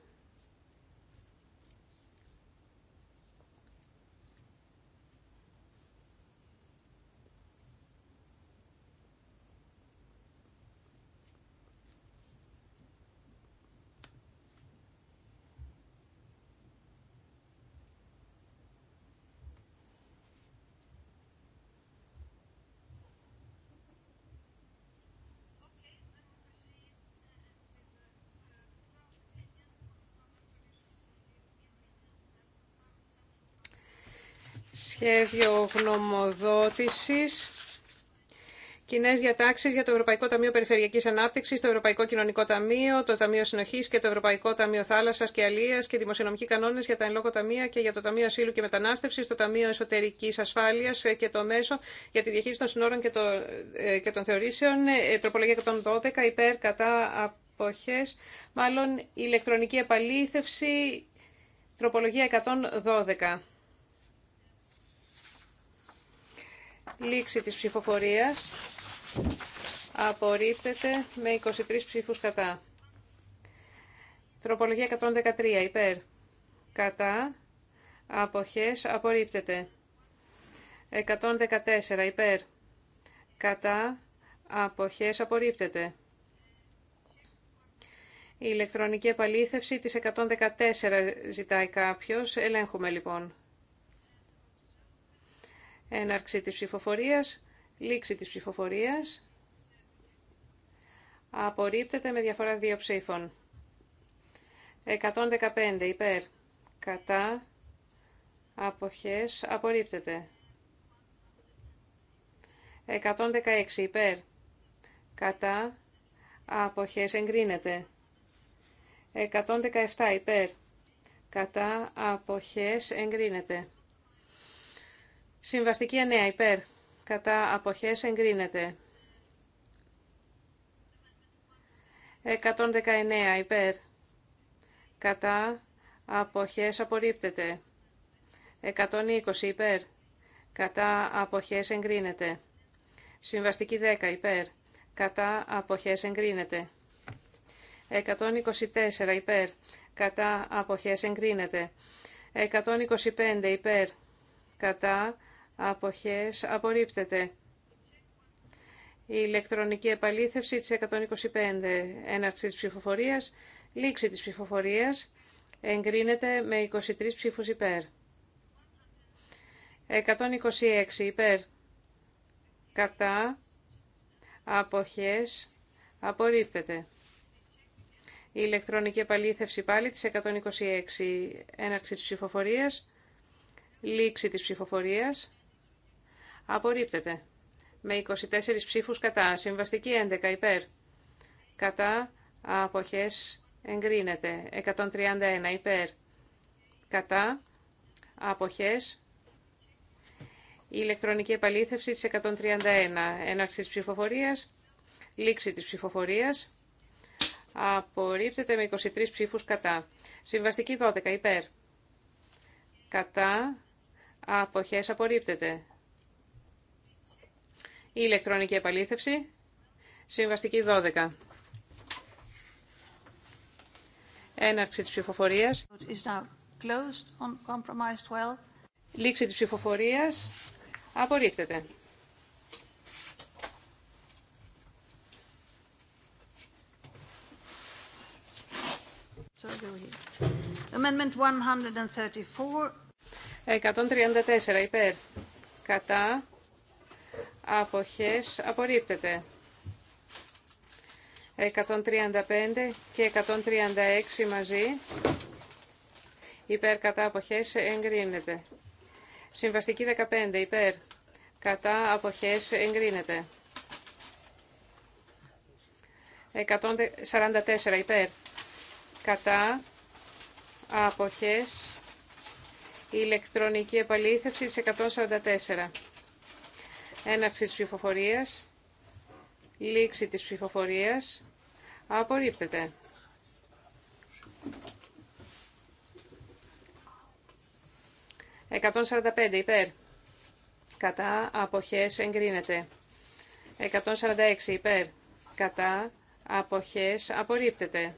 σχέδιο γνωμοδότησης Κοινέ διατάξει για το Ευρωπαϊκό Ταμείο Περιφερειακή Ανάπτυξη, το Ευρωπαϊκό Κοινωνικό Ταμείο, το Ταμείο Συνοχή και το Ευρωπαϊκό Ταμείο Θάλασσα και Αλία και δημοσιονομικοί κανόνε για τα εν λόγω ταμεία και για το Ταμείο Ασύλου και Μετανάστευση, το Ταμείο Εσωτερική Ασφάλεια και το Μέσο για τη Διαχείριση των Συνόρων και, το, ε, και των Θεωρήσεων, ε, τροπολογία 112, υπέρ κατά αποχέ, μάλλον ηλεκτρονική επαλήθευση, τροπολογία 112. Λήξη της ψηφοφορίας. Απορρίπτεται με 23 ψήφους κατά. Τροπολογία 113 υπέρ. Κατά. Αποχές. Απορρίπτεται. 114 υπέρ. Κατά. Αποχές. Απορρίπτεται. Η ηλεκτρονική επαλήθευση της 114 ζητάει κάποιος. Ελέγχουμε λοιπόν. Έναρξη της ψηφοφορίας, λήξη της ψηφοφορίας. Απορρίπτεται με διαφορά δύο ψήφων. 115 υπέρ, κατά, αποχές, απορρίπτεται. 116 υπέρ, κατά, αποχές, εγκρίνεται. 117 υπέρ, κατά, αποχές, εγκρίνεται. Συμβαστική 9 υπέρ. Κατά αποχές εγκρίνεται. 119 υπέρ. Κατά αποχές απορρίπτεται. 120 υπέρ. Κατά αποχές εγκρίνεται. Συμβαστική 10 υπέρ. Κατά αποχές εγκρίνεται. 124 υπέρ. Κατά αποχές εγκρίνεται. 125 υπέρ. Κατά αποχές απορρίπτεται. Η ηλεκτρονική επαλήθευση της 125 έναρξη της ψηφοφορίας, λήξη της ψηφοφορίας, εγκρίνεται με 23 ψήφους υπέρ. 126 υπέρ, κατά, αποχές, απορρίπτεται. Η ηλεκτρονική επαλήθευση πάλι της 126 έναρξη της ψηφοφορίας, λήξη της ψηφοφορίας, απορρίπτεται. Με 24 ψήφους κατά. Συμβαστική 11 υπέρ. Κατά αποχές εγκρίνεται. 131 υπέρ. Κατά αποχές η ηλεκτρονική επαλήθευση της 131. Έναρξη της ψηφοφορίας. Λήξη της ψηφοφορίας. Απορρίπτεται με 23 ψήφους κατά. Συμβαστική 12 υπέρ. Κατά αποχές απορρίπτεται. Η ηλεκτρονική επαλήθευση. Συμβαστική 12. Έναρξη της ψηφοφορίας. Is now on 12. Λήξη της ψηφοφορίας. Απορρίπτεται. Amendment 134. 134 υπέρ. Κατά αποχές απορρίπτεται. 135 και 136 μαζί υπέρ κατά αποχές εγκρίνεται. Συμβαστική 15 υπέρ κατά αποχές εγκρίνεται. 144 υπέρ κατά αποχές ηλεκτρονική επαλήθευση 144. Έναρξη της ψηφοφορίας. Λήξη της ψηφοφορίας. Απορρίπτεται. 145 υπέρ. Κατά αποχές εγκρίνεται. 146 υπέρ. Κατά αποχές απορρίπτεται.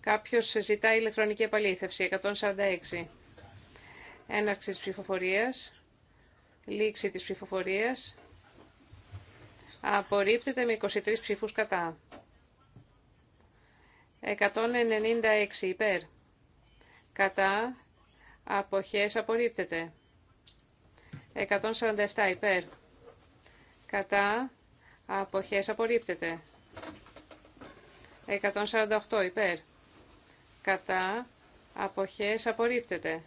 Κάποιος ζητά ηλεκτρονική επαλήθευση. 146. Έναρξη της ψηφοφορίας. Λήξη της ψηφοφορίας. Απορρίπτεται με 23 ψήφους κατά. 196 υπέρ. Κατά. Αποχές απορρίπτεται. 147 υπέρ. Κατά. Αποχές απορρίπτεται. 148 υπέρ. Κατά. Αποχές απορρίπτεται.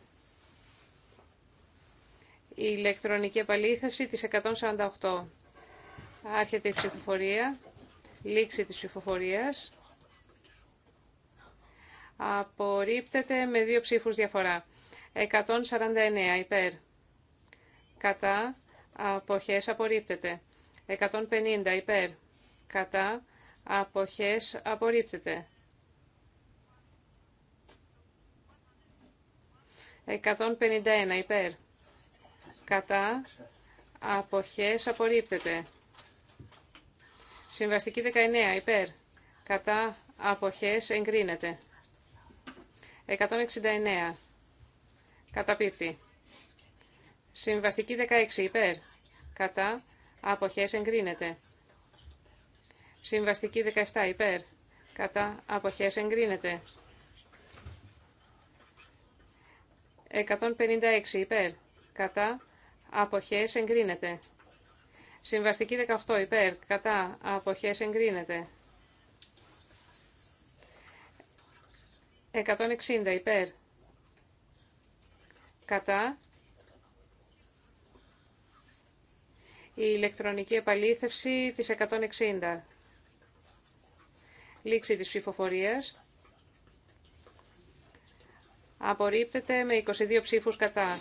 Η ηλεκτρονική επαλήθευση της 148. Άρχεται η ψηφοφορία. Λήξη της ψηφοφορίας. Απορρίπτεται με δύο ψήφους διαφορά. 149 υπέρ. Κατά. Αποχές απορρίπτεται. 150 υπέρ. Κατά. Αποχές απορρίπτεται. 151 υπέρ κατά, αποχές, απορρίπτεται. Συμβαστική 19, υπέρ, κατά, αποχές, εγκρίνεται. 169, καταπίπτει. Συμβαστική 16, υπέρ, κατά, αποχές, εγκρίνεται. Συμβαστική 17, υπέρ, κατά, αποχές, εγκρίνεται. 156 υπέρ, κατά, Αποχέ εγκρίνεται. Συμβαστική 18 υπέρ, κατά, Αποχέ εγκρίνεται. 160 υπέρ, κατά. Η ηλεκτρονική επαλήθευση της 160. Λήξη της ψηφοφορίας. Απορρίπτεται με 22 ψήφους κατά.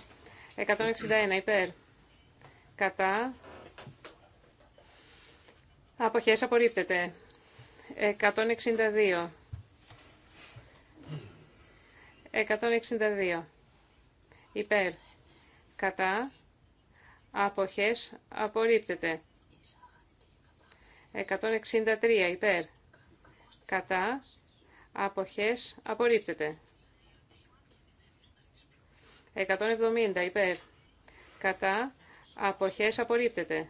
161 υπέρ κατά, αποχές απορρίπτεται. 162. 162. Υπέρ. Κατά. Αποχές. Απορρίπτεται. 163. Υπέρ. Κατά. Αποχές. Απορρίπτεται. 170. Υπέρ. Κατά. Αποχές απορρίπτεται.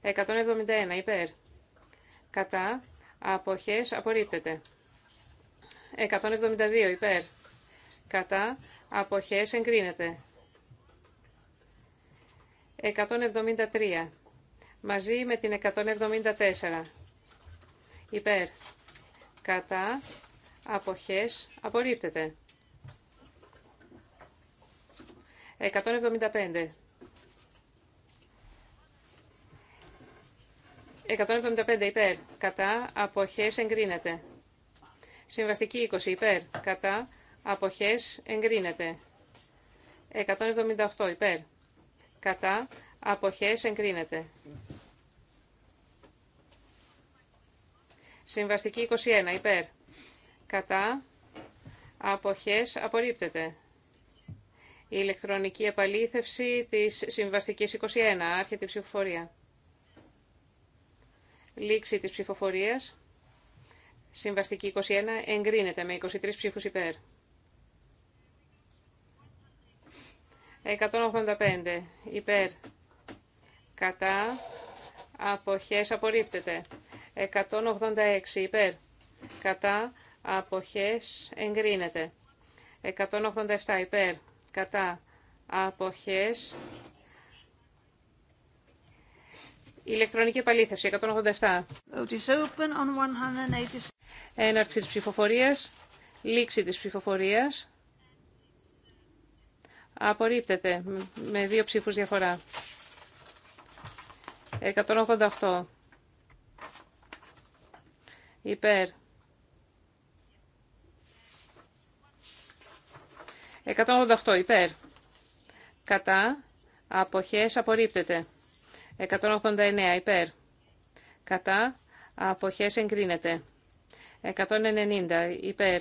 171 υπέρ. Κατά. Αποχές απορρίπτεται. 172 υπέρ. Κατά. Αποχές εγκρίνεται. 173. Μαζί με την 174. Υπέρ. Κατά. Αποχές απορρίπτεται. 175. 175 υπέρ, κατά, αποχές εγκρίνεται. Συμβαστική 20 υπέρ, κατά, αποχές εγκρίνεται. 178 υπέρ, κατά, αποχές εγκρίνεται. Συμβαστική 21 υπέρ, κατά, αποχές απορρίπτεται. Η ηλεκτρονική επαλήθευση της συμβαστικής 21, άρχεται η ψηφοφορία. Λήξη της ψηφοφορίας. Συμβαστική 21 εγκρίνεται με 23 ψήφους υπέρ. 185 υπέρ. Κατά. Αποχές απορρίπτεται. 186 υπέρ. Κατά. Αποχές εγκρίνεται. 187 υπέρ. Κατά. Αποχές Ηλεκτρονική επαλήθευση 187. Έναρξη της ψηφοφορίας. Λήξη της ψηφοφορίας. Απορρίπτεται με δύο ψήφους διαφορά. 188. Υπέρ. 188. Υπέρ. Κατά. Αποχές απορρίπτεται. 189 υπέρ. Κατά. Αποχές εγκρίνεται. 190 υπέρ.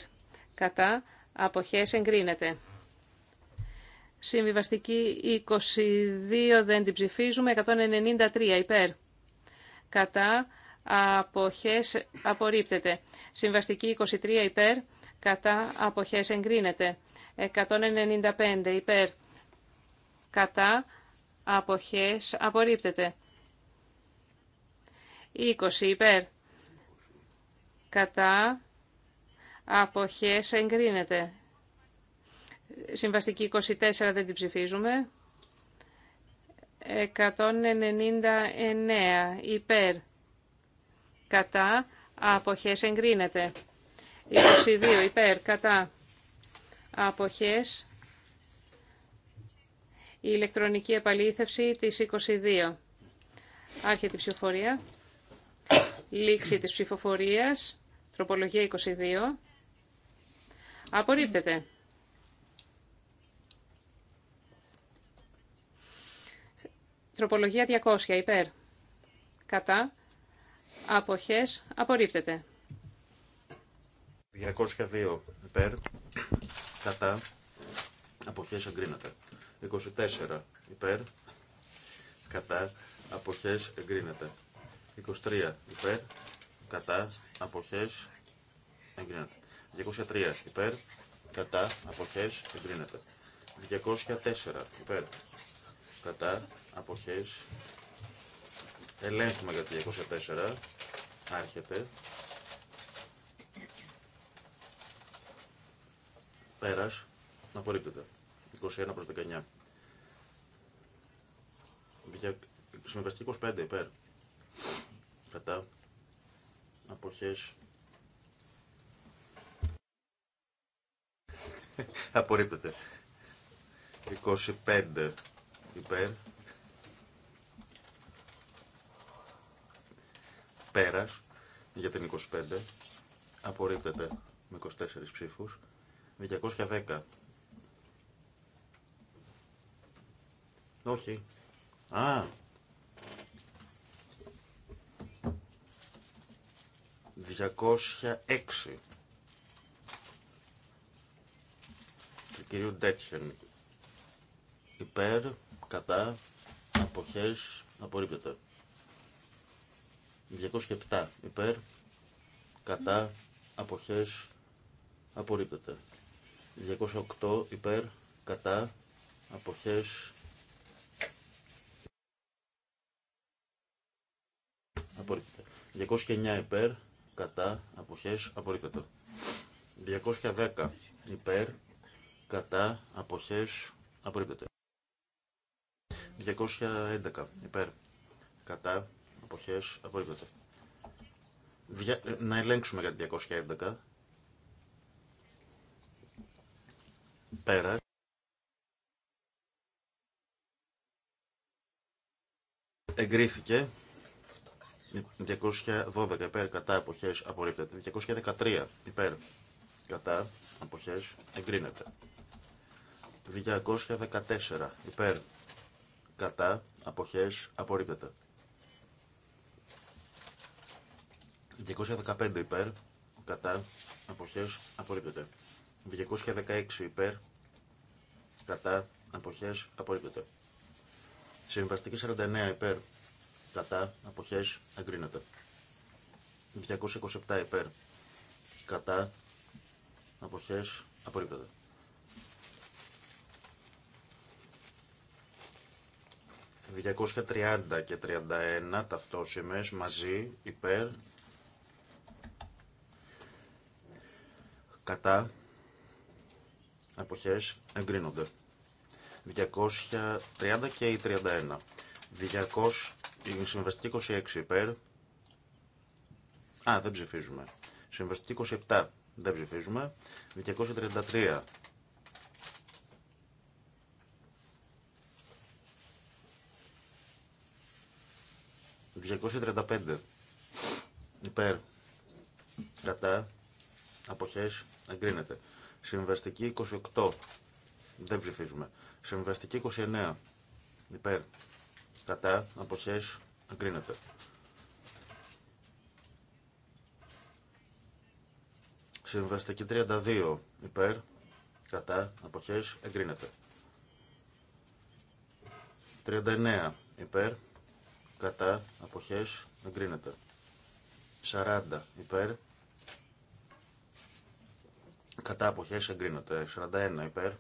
Κατά. Αποχές εγκρίνεται. Συμβιβαστική 22 δεν την ψηφίζουμε. 193 υπέρ. Κατά. Αποχές απορρίπτεται. Συμβαστική 23 υπέρ. Κατά. Αποχές εγκρίνεται. 195 υπέρ. Κατά αποχές απορρίπτεται. 20 υπέρ κατά αποχές εγκρίνεται. Συμβαστική 24 δεν την ψηφίζουμε. 199 υπέρ κατά αποχές εγκρίνεται. 22 υπέρ κατά αποχές η ηλεκτρονική επαλήθευση της 22. Άρχεται η ψηφοφορία. Λήξη της ψηφοφορίας. Τροπολογία 22. Απορρίπτεται. Τροπολογία 200. Υπέρ. Κατά. Αποχές. Απορρίπτεται. 202. Υπέρ. Κατά. Αποχές εγκρίνεται. 24 υπέρ, κατά, αποχές εγκρίνεται. 23 υπέρ, κατά, αποχές εγκρίνεται. 203 υπέρ, κατά, αποχές εγκρίνεται. 204 υπέρ, κατά, αποχές Ελέγχουμε για 24, 204. Άρχεται. Πέρας. Απορρίπτεται. 21 προς 19. Συμβαστική 25 υπέρ. Κατά. Αποχές. Απορρίπτεται. 25 υπέρ. Πέρας για την 25. Απορρίπτεται με 24 ψήφους. 210. Όχι. Α, 206 του κυρίου Ντέτσχεν υπέρ, κατά, αποχές, απορρίπτεται 207 υπέρ, κατά, αποχές, απορρίπτεται 208 υπέρ, κατά, αποχές, 209 υπέρ, κατά, αποχές, απορρίπτεται. 210 υπέρ, κατά, αποχές, απορρίπτεται. 211 υπέρ, κατά, αποχές, απορρίπτεται. Ε, να ελέγξουμε για 211. Πέρα. Εγκρίθηκε 212 υπέρ κατά αποχές απορρίπτεται. 213 υπέρ κατά αποχές εγκρίνεται. 214 υπέρ κατά αποχές απορρίπτεται. 215 υπέρ κατά αποχές απορρίπτεται. 216 υπέρ κατά αποχές απορρίπτεται. Συμβαστική 49 υπέρ κατά, αποχές, εγκρίνεται. 227 υπέρ, κατά, αποχές, απορρίπτεται. 230 και 31 ταυτόσημες μαζί υπέρ κατά αποχές εγκρίνονται. 230 και 31. 200 η συμβαστική 26 υπέρ. Α, δεν ψηφίζουμε. Συμβαστική 27 δεν ψηφίζουμε. 233 235 υπέρ κατά αποχές εγκρίνεται συμβαστική 28 δεν ψηφίζουμε συμβαστική 29 υπέρ Κατά. Αποχές. Εγκρίνεται. Συμβαστική 32 υπέρ. Κατά. Αποχές. Εγκρίνεται. 39 υπέρ. Κατά. Αποχές. Εγκρίνεται. 40 υπέρ. Κατά αποχές εγκρίνεται. 41 υπέρ.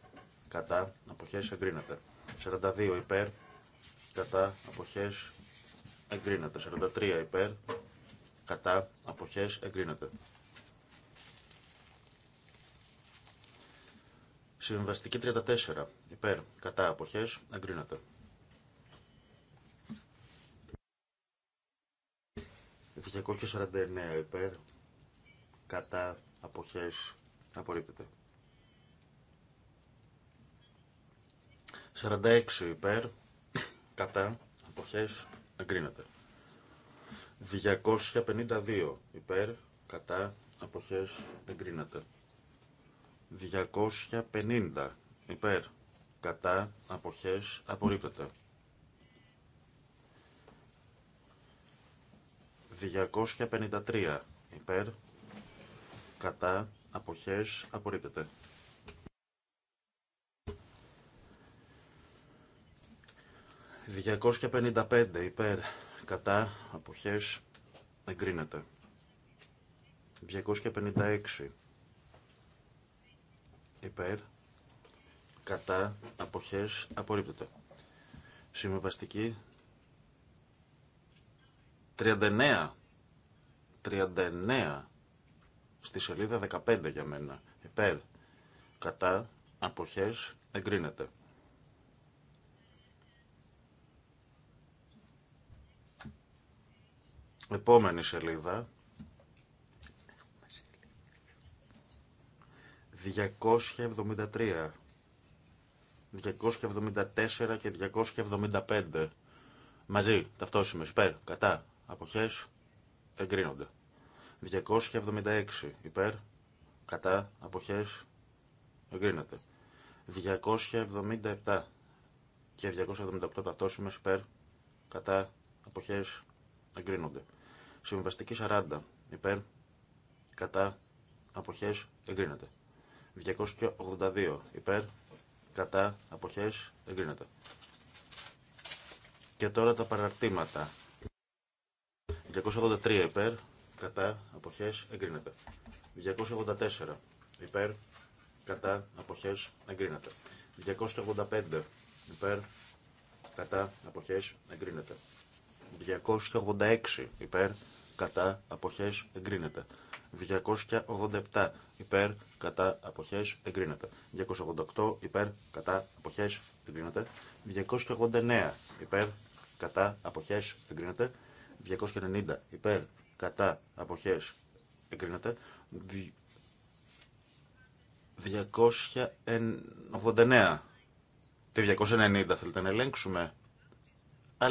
Κατά αποχές εγκρίνεται. 42 υπέρ κατά αποχές εγκρίνεται. 43 υπέρ κατά αποχές εγκρίνεται. Συμβαστική 34 υπέρ κατά αποχές εγκρίνεται. 49 υπέρ κατά αποχές απορρίπτεται. 46 υπέρ κατά, αποχές, εγκρίνεται. 252 υπέρ, κατά, αποχές, εγκρίνεται. 250 υπέρ, κατά, αποχές, απορρίπτεται. 253 υπέρ, κατά, αποχές, απορρίπτεται. 255 υπέρ κατά αποχές εγκρίνεται. 256 υπέρ κατά αποχές απορρίπτεται. Συμβαστική 39 39 στη σελίδα 15 για μένα υπέρ κατά αποχές εγκρίνεται. Επόμενη σελίδα. 273. 274 και 275. Μαζί, ταυτόσιμες, υπέρ, κατά, αποχές, εγκρίνονται. 276 υπέρ, κατά, αποχές, εγκρίνεται. 277 και 278 ταυτόσιμες υπέρ, κατά, αποχές, εγκρίνονται. Συμβαστική 40 υπέρ κατά αποχές εγκρίνεται. 282 υπέρ κατά αποχές εγκρίνεται. Και τώρα τα παραρτήματα. 283 υπέρ κατά αποχές εγκρίνεται. 284 υπέρ κατά αποχές εγκρίνεται. 285 υπέρ κατά αποχές εγκρίνεται. 286 υπέρ, κατά, αποχές, εγκρίνεται. 287 υπέρ, κατά, αποχές, εγκρίνεται. 288 υπέρ, κατά, αποχές, εγκρίνεται. 289 υπέρ, κατά, αποχές, εγκρίνεται. 290 υπέρ, κατά, αποχές, εγκρίνεται. 289. Τι 290 θέλετε να ελέγξουμε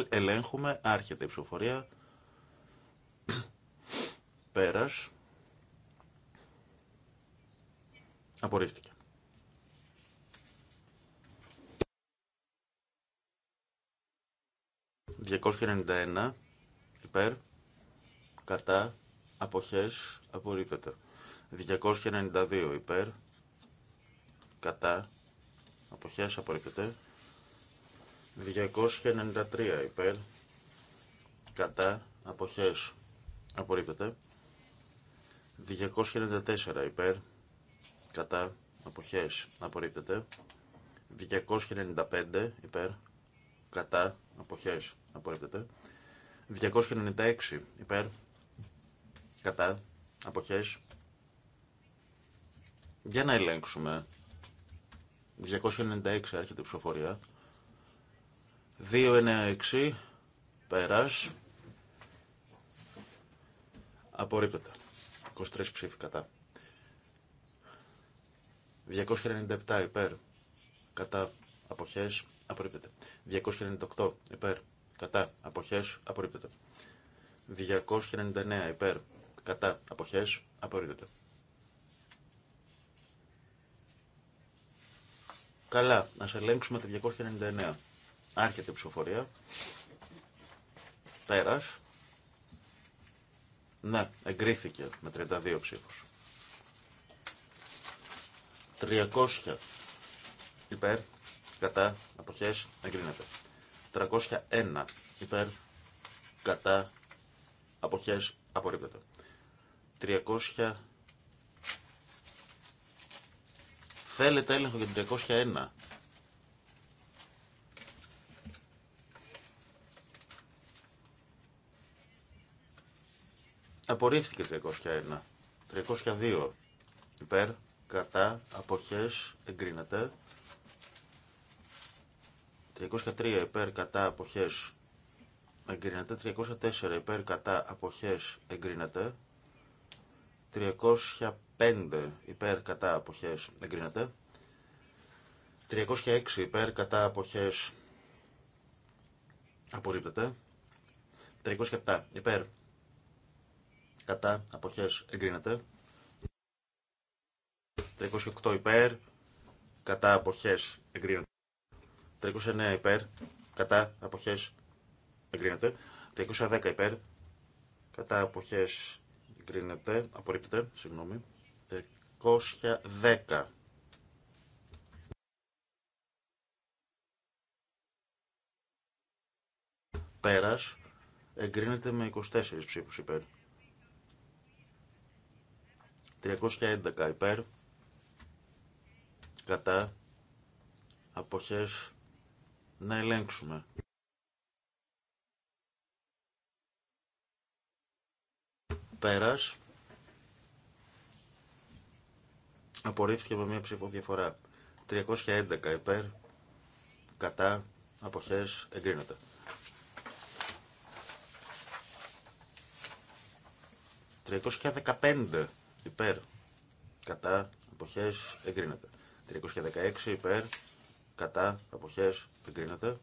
ελέγχουμε, άρχεται η ψηφοφορία. Πέρας. Απορρίφθηκε. ...291 υπέρ, κατά, αποχές, απορρίπτεται. 292 υπέρ, κατά, αποχές, απορρίπτεται. 293 υπέρ. Κατά. Αποχές. Απορρίπτεται. 294 υπέρ. Κατά. Αποχές. Απορρίπτεται. 295 υπέρ. Κατά. Αποχές. Απορρίπτεται. 296 υπέρ. Κατά. Αποχές. Για να ελέγξουμε. 296 έρχεται η ψηφοφορία. 296 πέρας απορρίπτεται 23 ψήφοι κατά 297 υπέρ κατά αποχές απορρίπτεται 298 υπέρ κατά αποχές απορρίπτεται 299 υπέρ κατά αποχές απορρίπτεται Καλά, να σε ελέγξουμε τα 299. Άρχεται η ψηφοφορία. πέρα. Ναι, εγκρίθηκε με 32 ψήφου. 300 υπέρ, κατά, αποχέ, εγκρίνεται. 301 υπέρ, κατά, απόχέ απορρίπτεται. 300... Θέλετε έλεγχο για την 301. Απορρίφθηκε 301. 302 υπέρ, κατά, αποχές, εγκρίνεται. 303 υπέρ, κατά, αποχές, εγκρίνεται. 304 υπέρ, κατά, αποχές, εγκρίνεται. 305 υπέρ, κατά, αποχές, εγκρίνεται. 306 υπέρ, κατά, αποχές, απορρίπτεται. 307 υπέρ, κατά αποχές εγκρίνεται. 308 υπέρ, κατά αποχές εγκρίνεται. 309 υπέρ, κατά αποχές εγκρίνεται. 310 υπέρ, κατά αποχές εγκρίνεται, απορρίπτεται, συγγνώμη. 310 πέρας εγκρίνεται με 24 ψήφους υπέρ. 311 υπέρ. Κατά. Αποχές. Να ελέγξουμε. Πέρας. Απορρίφθηκε με μία ψηφοδιαφορά. 311 υπέρ. Κατά. Αποχές. Εγκρίνεται. 315 υπέρ, κατά, αποχές, εγκρίνεται. 316 υπέρ, κατά, αποχές, εγκρίνεται.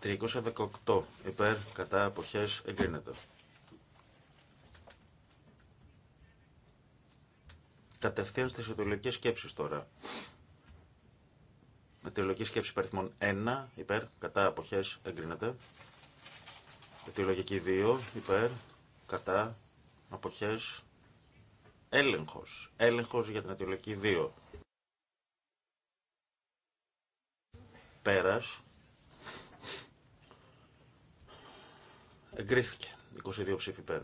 318 υπέρ, κατά, αποχές, εγκρίνεται. Κατευθείαν στις ιδεολογικές σκέψεις τώρα. Με τη σκέψη παριθμών 1 υπέρ, κατά, αποχές, εγκρίνεται. Με τη 2 υπέρ, κατά, αποχές, έλεγχος. Έλεγχος για την αιτιολογική 2. Πέρας. Εγκρίθηκε. 22 ψήφι υπέρ.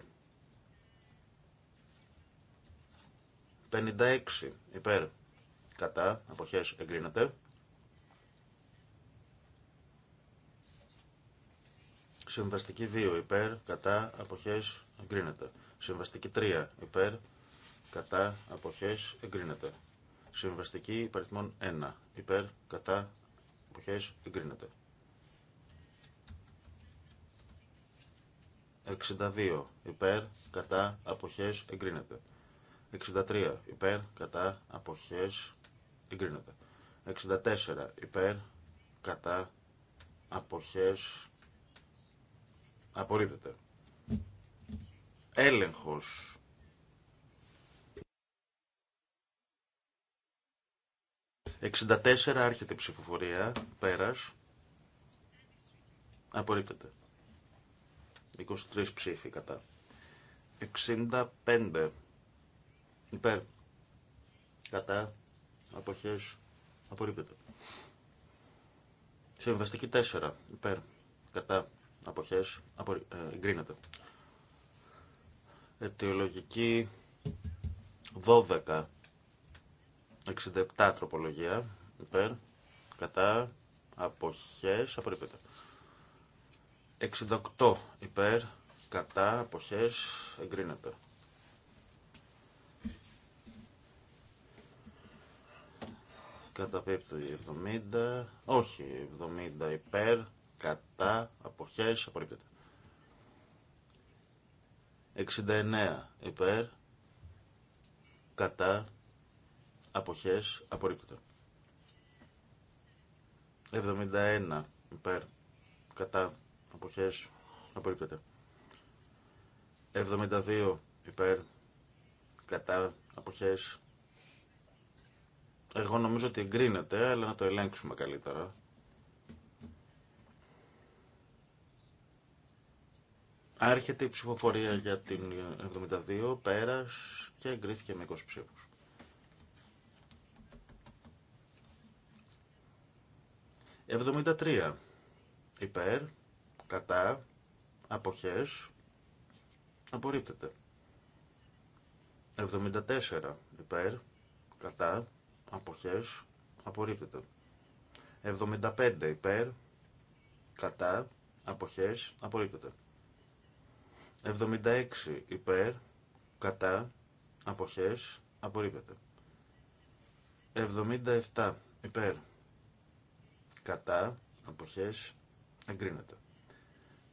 56 υπέρ. Κατά. Αποχές εγκρίνεται. Συμβαστική 2 υπέρ, κατά, αποχές, εγκρίνεται. Συμβαστική 3 υπέρ, κατά, αποχές, εγκρίνεται. Συμβαστική υπαριθμών 1 υπέρ, κατά, αποχές, εγκρίνεται. 62 υπέρ, κατά, αποχές, εγκρίνεται. 63 υπέρ, κατά, αποχές, εγκρίνεται. 64 υπέρ, κατά, αποχές, Απορρίπτεται. Έλεγχος. «64 άρχεται ψηφοφορία, πέρας, απορρίπτεται. 23 ψήφοι κατά. 65 υπέρ, κατά, αποχές, απορρίπτεται. Συμβαστική 4 υπέρ, κατά, αποχές, ε, εγκρίνεται. Αιτιολογική 12, 67 τροπολογία, υπέρ, κατά, αποχές, απορρίπτεται. 68 υπέρ, κατά, αποχές, εγκρίνεται. Καταπίπτει 70, όχι 70 υπέρ, κατά, αποχές, απορρίπτεται. 69 υπέρ, κατά, αποχές, απορρίπτεται. 71 υπέρ, κατά, αποχές, απορρίπτεται. 72 υπέρ, κατά, αποχές. Εγώ νομίζω ότι εγκρίνεται, αλλά να το ελέγξουμε καλύτερα. Άρχεται η ψηφοφορία για την 72, πέρας και εγκρίθηκε με 20 ψήφους. «73. Υπέρ, κατά, αποχές, απορρίπτεται. 74. Υπέρ, κατά, αποχές, απορρίπτεται. 75. Υπέρ, κατά, αποχές, απορρίπτεται. 76 υπέρ, κατά, αποχές, απορρίπεται 77 υπέρ, κατά, αποχές, εγκρίνεται.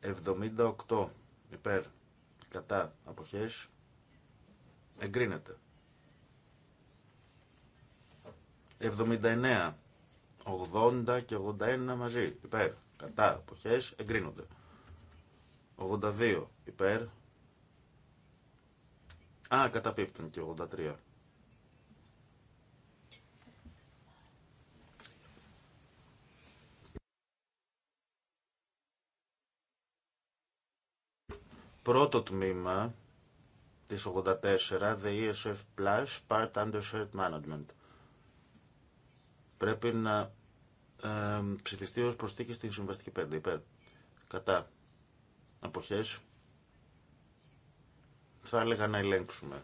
78 υπέρ, κατά, αποχές, εγκρίνεται. 79, 80 και 81 μαζί, υπέρ, κατά, αποχές, εγκρίνονται. 82 υπέρ. Α, καταπίπτουν και 83. Πρώτο τμήμα της 84, The ESF Plus, Part Under Management. Πρέπει να ε, ψηφιστεί ως προσθήκη στην Συμβαστική 5, υπέρ. Κατά αποχές θα έλεγα να ελέγξουμε.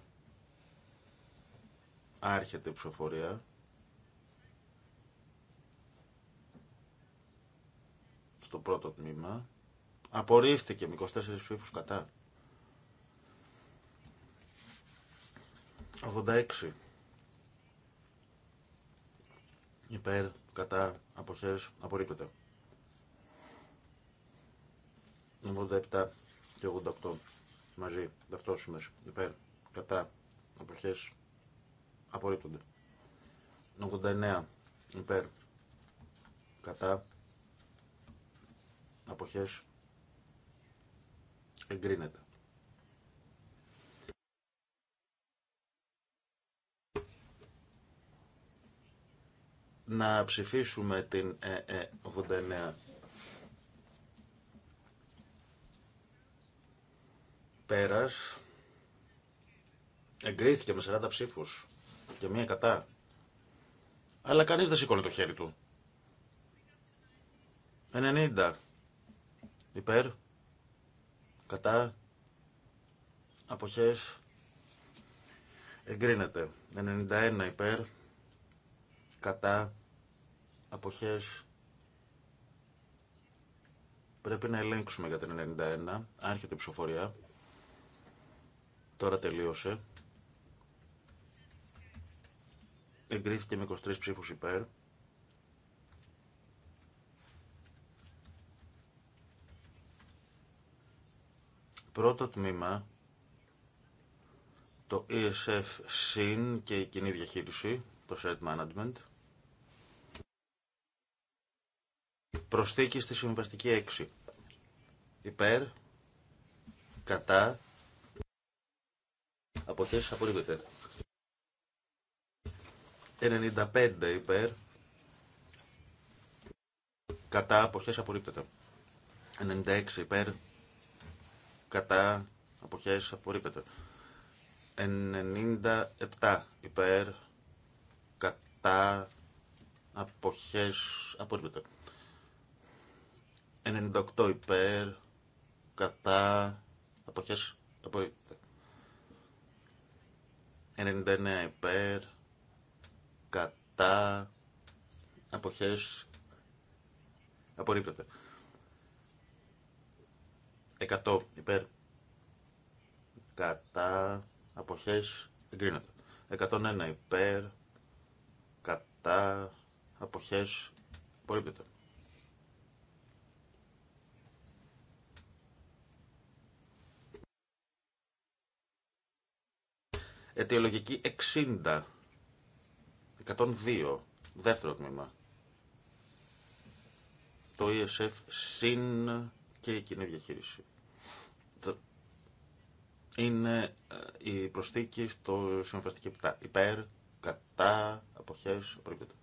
Άρχεται η ψηφοφορία. Στο πρώτο τμήμα. Απορρίφθηκε με 24 ψήφους κατά. 86. Υπέρ, κατά, αποχές, απορρίπτεται. 87 και 88 μαζί, ταυτόσιμες, υπέρ, κατά, αποχές, απορρίπτονται. 89 υπέρ, κατά, αποχές, εγκρίνεται. Να ψηφίσουμε την 89 ε, ε, Πέρας. Εγκρίθηκε με 40 ψήφου και μία κατά. Αλλά κανεί δεν σήκωνε το χέρι του. 90. Υπέρ. Κατά. απόχέ. Εγκρίνεται. 91 υπέρ. Κατά. Αποχέ. Πρέπει να ελέγξουμε για την 91. Άρχεται η ψηφοφορία. Τώρα τελείωσε. Εγκρίθηκε με 23 ψήφους υπέρ. Πρώτο τμήμα, το ESF SYN και η κοινή διαχείριση, το Set Management. Προσθήκη στη συμβαστική 6. Υπέρ, κατά, Αποχές απορρίπτεται. 95 υπέρ. Κατά αποχές απορρίπτεται. 96 υπέρ. Κατά αποχές απορρίπτεται. 97 υπέρ. Κατά απόχέ απορρίπτεται. 98 υπέρ. Κατά απόχέ απορρίπτεται. 99 υπέρ, κατά, αποχές, απορρίπτεται. 100 υπέρ, κατά, αποχές, εγκρίνεται. 101 υπέρ, κατά, αποχές, απορρίπτεται. Αιτιολογική 60. 102. Δεύτερο τμήμα. Το ESF συν και η κοινή διαχείριση. Είναι ε, η προσθήκη στο 7. υπέρ, κατά, αποχές, απορρίπτεται.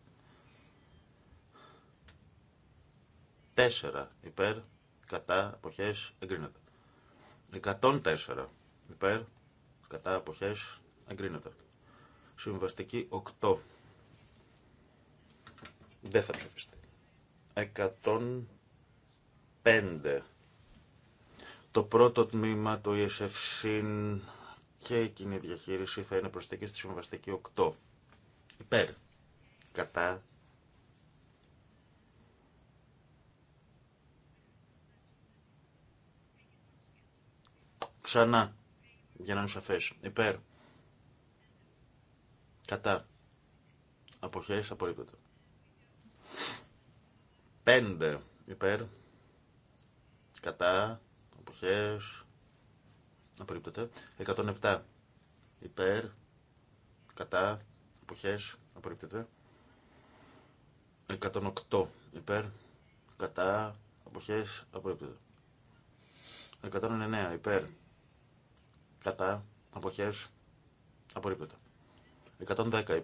4 υπέρ, κατά, αποχές, εγκρίνεται. 104 υπέρ, κατά, αποχές, Εγκρίνεται. Συμβαστική 8. Δεν θα ψηφιστεί. 105. Το πρώτο τμήμα το ESF και η κοινή διαχείριση θα είναι προσθήκη στη συμβαστική 8. Υπέρ. Κατά. Ξανά. Για να είναι σαφές. Υπέρ. Κατά. Αποχές απορρίπτεται. 5 υπέρ. Κατά. Αποχές απορρίπτεται. 107 υπέρ. Κατά. Αποχές απορρίπτεται. 108 υπέρ. Κατά. Αποχές απορρίπτεται. 109 υπέρ. Κατά. Αποχές απορρίπτεται. 110.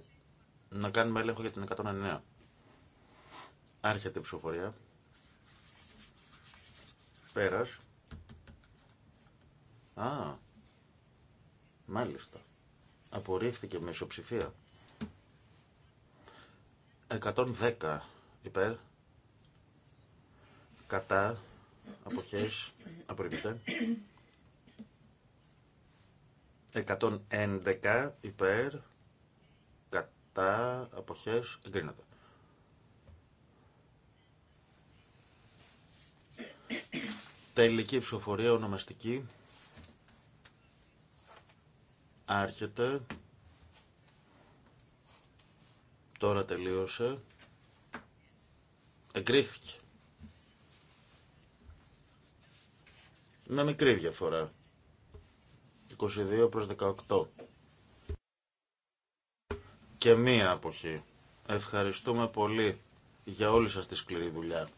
Να κάνουμε έλεγχο για την 109. Άρχεται η ψηφοφορία. Πέρας. Α, μάλιστα. Απορρίφθηκε με ισοψηφία. 110 υπέρ. Κατά. Αποχές. Απορρίφθηκε. 111 υπέρ τα αποχές εγκρίνεται. Τελική ψηφοφορία ονομαστική. Άρχεται. Τώρα τελείωσε. Εγκρίθηκε. Με μικρή διαφορά. 22 προς 18 και μία αποχή. Ευχαριστούμε πολύ για όλη σας τη σκληρή δουλειά.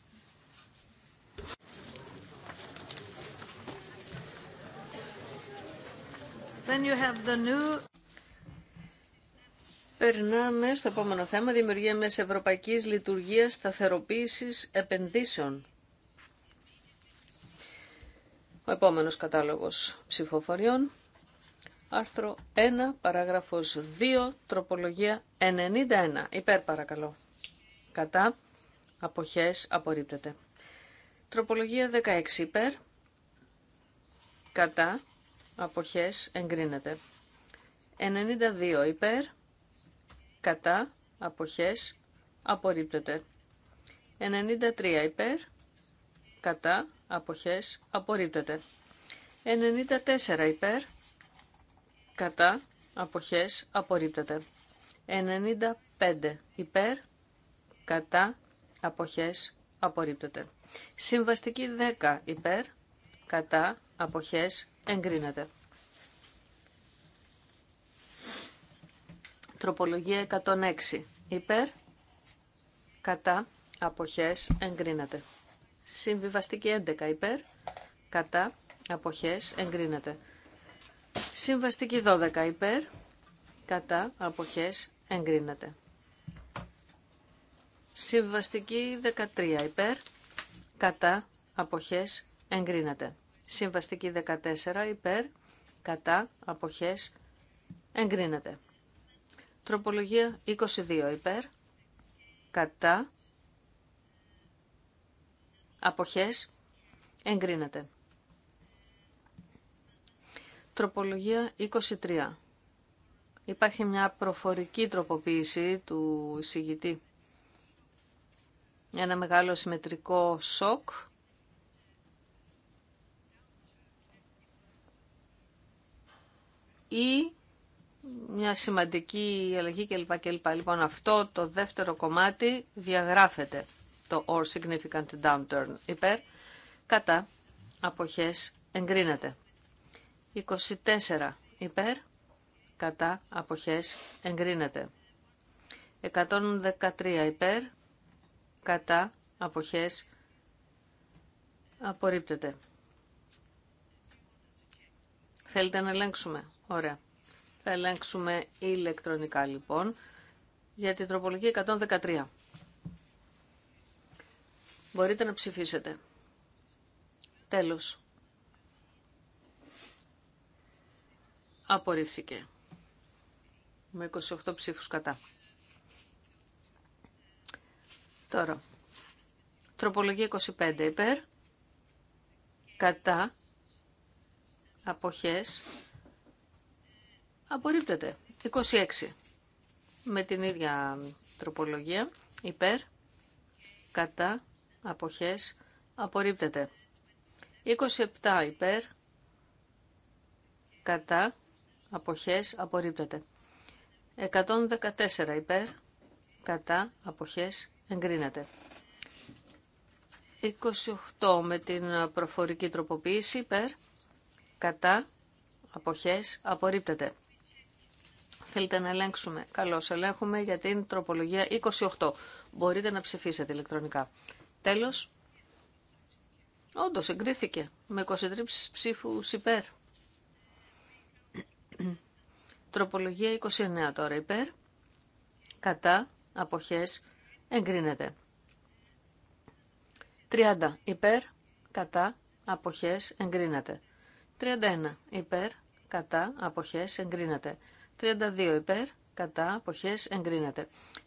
Then you have the new... Περνάμε στο επόμενο θέμα, δημιουργία μιας ευρωπαϊκής λειτουργίας σταθεροποίησης επενδύσεων. Ο επόμενος κατάλογος ψηφοφοριών. Άρθρο 1, παράγραφος 2, τροπολογία 91. Υπέρ παρακαλώ. Κατά. Αποχές απορρίπτεται. Τροπολογία 16 υπέρ. Κατά. Αποχές εγκρίνεται. 92 υπέρ. Κατά. Αποχές απορρίπτεται. 93 υπέρ. Κατά. Αποχές απορρίπτεται. 94 υπέρ κατά, αποχές, απορρίπτεται. 95 υπέρ, κατά, αποχές, απορρίπτεται. Συμβαστική 10 υπέρ, κατά, αποχές, εγκρίνεται. Τροπολογία 106 υπέρ, κατά, αποχές, εγκρίνεται. Συμβιβαστική 11 υπέρ, κατά, αποχές, εγκρίνεται. Συμβαστική 12 υπέρ, κατά, αποχές, εγκρίνεται. Συμβαστική 13 υπέρ, κατά, αποχές, εγκρίνεται. Συμβαστική 14 υπέρ, κατά, αποχές, εγκρίνεται. Τροπολογία 22 υπέρ, κατά, αποχές, εγκρίνεται. Τροπολογία 23. Υπάρχει μια προφορική τροποποίηση του εισηγητή. Ένα μεγάλο συμμετρικό σοκ. Ή μια σημαντική αλλαγή κλπ. Λοιπόν, αυτό το δεύτερο κομμάτι διαγράφεται. Το or significant downturn υπέρ κατά αποχές εγκρίνεται. 24 υπέρ, κατά αποχές εγκρίνεται. 113 υπέρ, κατά αποχές απορρίπτεται. Θέλετε να ελέγξουμε. Ωραία. Θα ελέγξουμε ηλεκτρονικά λοιπόν για την τροπολογία 113. Μπορείτε να ψηφίσετε. Τέλος. απορρίφθηκε με 28 ψήφους κατά. Τώρα, τροπολογία 25 υπέρ, κατά, αποχές, απορρίπτεται. 26 με την ίδια τροπολογία, υπέρ, κατά, αποχές, απορρίπτεται. 27 υπέρ, κατά, αποχές απορρίπτεται. 114 υπέρ, κατά, αποχές εγκρίνεται. 28 με την προφορική τροποποίηση υπέρ, κατά, αποχές απορρίπτεται. Θέλετε να ελέγξουμε. Καλώς ελέγχουμε για την τροπολογία 28. Μπορείτε να ψηφίσετε ηλεκτρονικά. Τέλος. Όντως εγκρίθηκε με 23 ψήφους υπέρ. Τροπολογία 29 τώρα υπέρ. Κατά αποχές εγκρίνεται. 30 υπέρ. Κατά αποχές εγκρίνεται. 31 υπέρ. Κατά αποχές εγκρίνεται. 32 υπέρ. Κατά αποχές εγκρίνεται.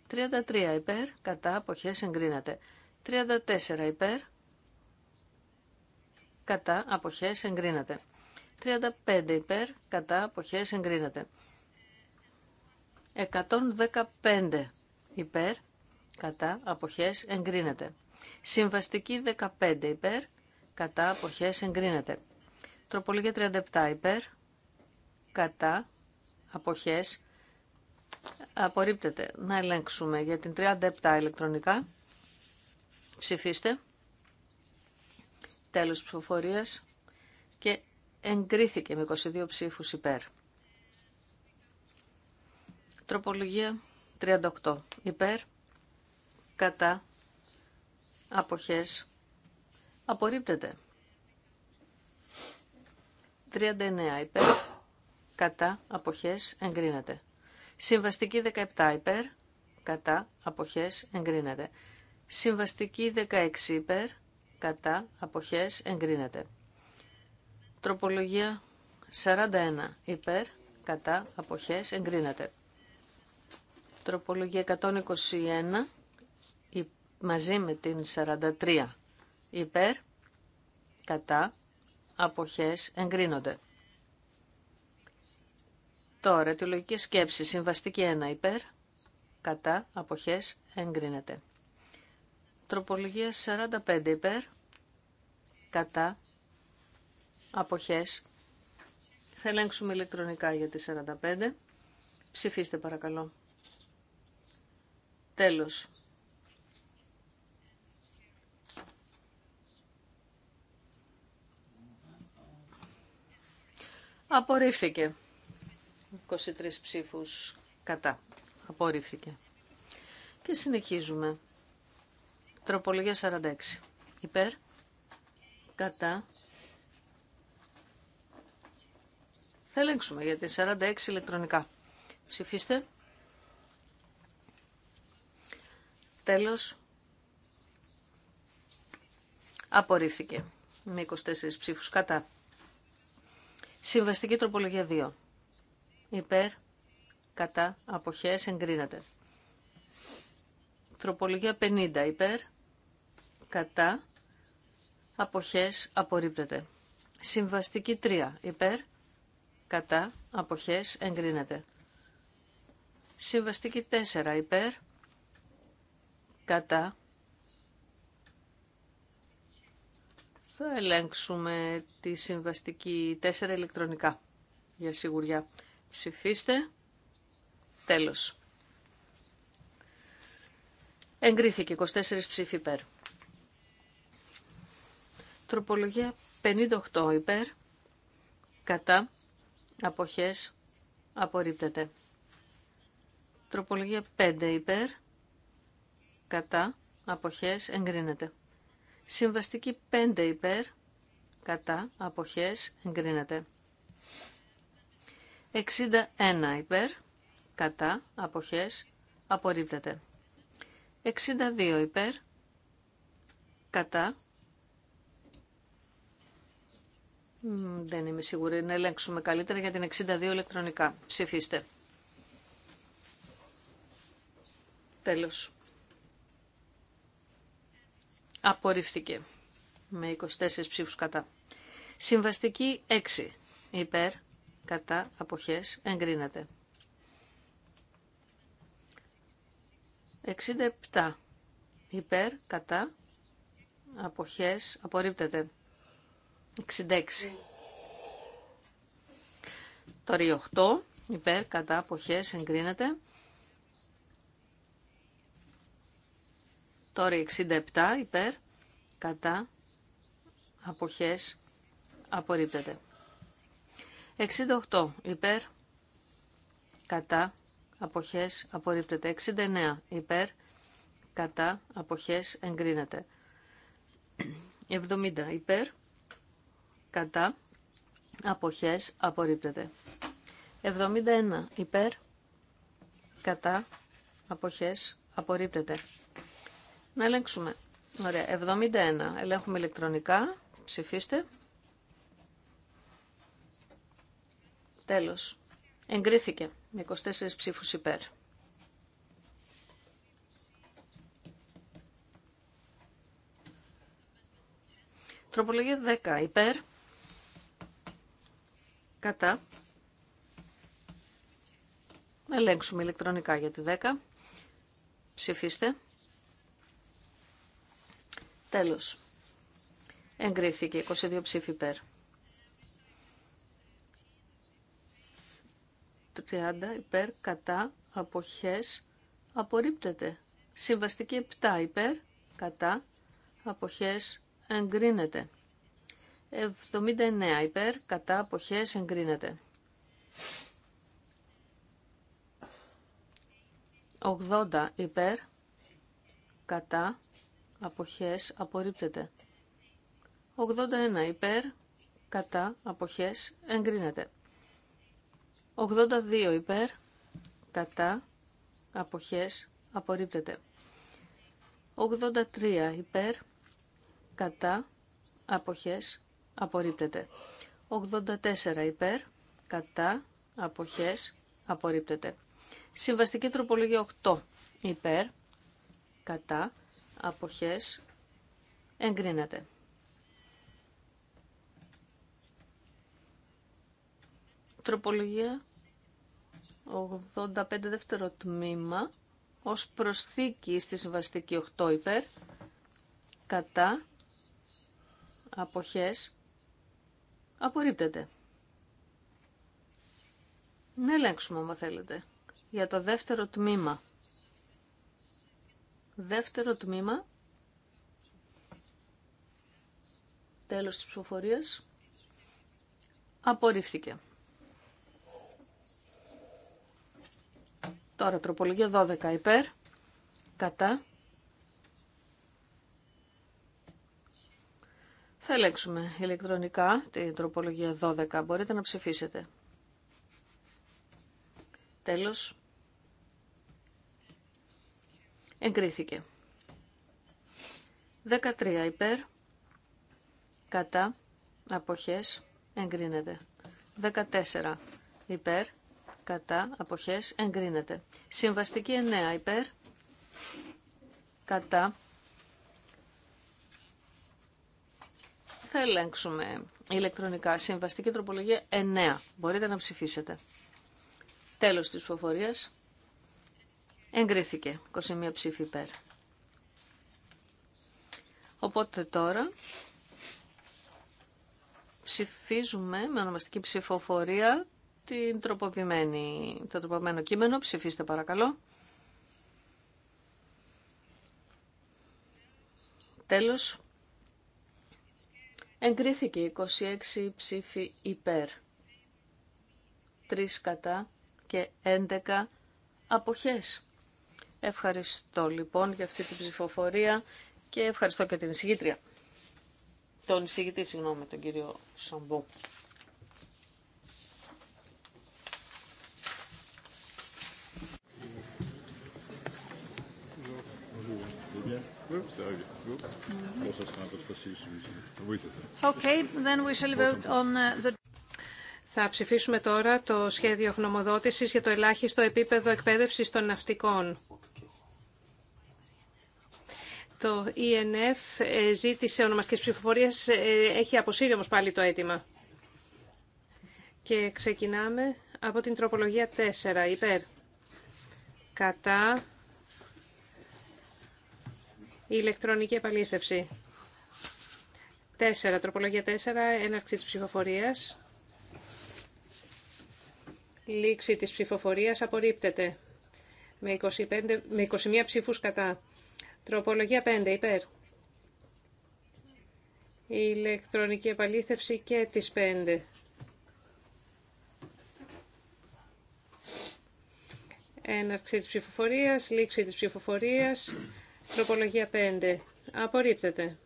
33 υπέρ. Κατά αποχές εγκρίνεται. 34 υπέρ. Κατά αποχές εγκρίνεται. 35 υπέρ. Κατά αποχές εγκρίνεται. 115 υπέρ, κατά, αποχές, εγκρίνεται. Συμβαστική 15 υπέρ, κατά, αποχές, εγκρίνεται. Τροπολογία 37 υπέρ, κατά, αποχές, απορρίπτεται. Να ελέγξουμε για την 37 ηλεκτρονικά. Ψηφίστε. Τέλος ψηφοφορίας. Και εγκρίθηκε με 22 ψήφους υπέρ. Τροπολογία 38. Υπέρ, κατά, αποχές, απορρίπτεται. 39. Υπέρ, κατά, αποχές, εγκρίνεται. Συμβαστική 17. Υπέρ, κατά, αποχές, εγκρίνεται. Συμβαστική 16. Υπέρ, κατά, αποχές, εγκρίνεται. Τροπολογία 41. Υπέρ, κατά, αποχές, εγκρίνεται. Τροπολογία 121 μαζί με την 43 υπέρ, κατά, αποχές εγκρίνονται. Τώρα, αιτιολογική σκέψη, συμβαστική 1 υπέρ, κατά, αποχές εγκρίνεται. Τροπολογία 45 υπέρ, κατά, αποχές. Θα ελέγξουμε ηλεκτρονικά για τη 45. Ψηφίστε παρακαλώ. Τέλος. Απορρίφθηκε. 23 ψήφους κατά. Απορρίφθηκε. Και συνεχίζουμε. Τροπολογία 46. Υπέρ. Κατά. Θα ελέγξουμε για την 46 ηλεκτρονικά. Ψηφίστε. Τέλος, απορρίφθηκε με 24 ψήφους κατά. Συμβαστική τροπολογία 2. Υπέρ, κατά, αποχές, εγκρίνεται. Τροπολογία 50. Υπέρ, κατά, αποχές, απορρίπτεται. Συμβαστική 3. Υπέρ, κατά, αποχές, εγκρίνεται. Συμβαστική 4. Υπέρ, κατά. Θα ελέγξουμε τη συμβαστική 4 ηλεκτρονικά για σιγουριά. Ψηφίστε. Τέλος. Εγκρίθηκε 24 ψήφοι υπέρ. Τροπολογία 58 υπέρ. Κατά. Αποχές. Απορρίπτεται. Τροπολογία 5 υπέρ κατά, αποχές, εγκρίνεται. Συμβαστική 5 υπέρ, κατά, αποχές, εγκρίνεται. 61 υπέρ, κατά, αποχές, απορρίπτεται. 62 υπέρ, κατά, δεν είμαι σίγουρη να ελέγξουμε καλύτερα για την 62 ηλεκτρονικά. Ψηφίστε. Τέλος. Απορρίφθηκε με 24 ψήφους κατά. Συμβαστική 6 υπέρ κατά αποχές εγκρίνεται. 67 υπέρ κατά αποχές απορρίπτεται. 66. Τώρα η 8 υπέρ κατά αποχές εγκρίνεται. Τώρα 67 υπέρ, κατά, αποχές, απορρίπτεται. 68 υπέρ, κατά, αποχές, απορρίπτεται. 69 υπέρ, κατά, αποχές, εγκρίνεται. 70 υπέρ, κατά, αποχές, απορρίπτεται. 71 υπέρ, κατά, αποχές, απορρίπτεται. Να ελέγξουμε. Ωραία, 71. Ελέγχουμε ηλεκτρονικά. Ψηφίστε. Τέλος. Εγκρίθηκε 24 ψήφους υπέρ. Τροπολογία 10. Υπέρ. Κατά. Να ελέγξουμε ηλεκτρονικά για τη 10. Ψηφίστε. Τέλος. Εγκρίθηκε 22 ψήφι υπέρ. 30 υπέρ κατά αποχές απορρίπτεται. Συμβαστική 7 υπέρ κατά αποχές εγκρίνεται. 79 υπέρ κατά αποχές εγκρίνεται. 80 υπέρ κατά αποχές απορρίπτεται. 81 υπέρ, κατά, αποχές εγκρίνεται. 82 υπέρ, κατά, αποχές απορρίπτεται. 83 υπέρ, κατά, αποχές απορρίπτεται. 84 υπέρ, κατά, αποχές απορρίπτεται. Συμβαστική τροπολογία 8 υπέρ, κατά, αποχές εγκρίνεται. Τροπολογία 85 δεύτερο τμήμα ως προσθήκη στη συμβαστική 8 υπέρ κατά αποχές απορρίπτεται. Να ελέγξουμε άμα θέλετε για το δεύτερο τμήμα Δεύτερο τμήμα. Τέλος της ψηφοφορίας. Απορρίφθηκε. Τώρα τροπολογία 12 υπέρ. Κατά. Θα ελέγξουμε ηλεκτρονικά την τροπολογία 12. Μπορείτε να ψηφίσετε. Τέλος. Εγκρίθηκε. 13 υπέρ, κατά, αποχές, εγκρίνεται. 14 υπέρ, κατά, αποχές, εγκρίνεται. Συμβαστική 9 υπέρ, κατά, θα ελέγξουμε ηλεκτρονικά. Συμβαστική τροπολογία 9. Μπορείτε να ψηφίσετε. Τέλος της φοφορίας. Εγκρίθηκε 21 ψήφι υπέρ. Οπότε τώρα ψηφίζουμε με ονομαστική ψηφοφορία την τροποποιημένη, το τροποποιημένο κείμενο. Ψηφίστε παρακαλώ. Τέλος, εγκρίθηκε 26 ψηφί υπέρ, 3 κατά και 11 αποχές. Ευχαριστώ λοιπόν για αυτή την ψηφοφορία και ευχαριστώ και την εισηγήτρια. Τον εισηγητή, συγγνώμη, τον κύριο Σομπού. Θα ψηφίσουμε τώρα το σχέδιο γνωμοδότησης για το ελάχιστο επίπεδο εκπαίδευσης των ναυτικών. Το e ΕΝΕΦ ζήτησε ονομαστικές ψηφοφορίες, ε, έχει αποσύρει όμως πάλι το αίτημα. Και ξεκινάμε από την τροπολογία 4, υπέρ. Κατά η ηλεκτρονική επαλήθευση. 4, τροπολογία 4, έναρξη της ψηφοφορίας. Λήξη της ψηφοφορίας απορρίπτεται με, 25, με 21 ψήφους κατά. Τροπολογία 5 υπέρ. Η ηλεκτρονική επαλήθευση και τις 5. Έναρξη της ψηφοφορίας, λήξη της ψηφοφορίας, τροπολογία 5. Απορρίπτεται.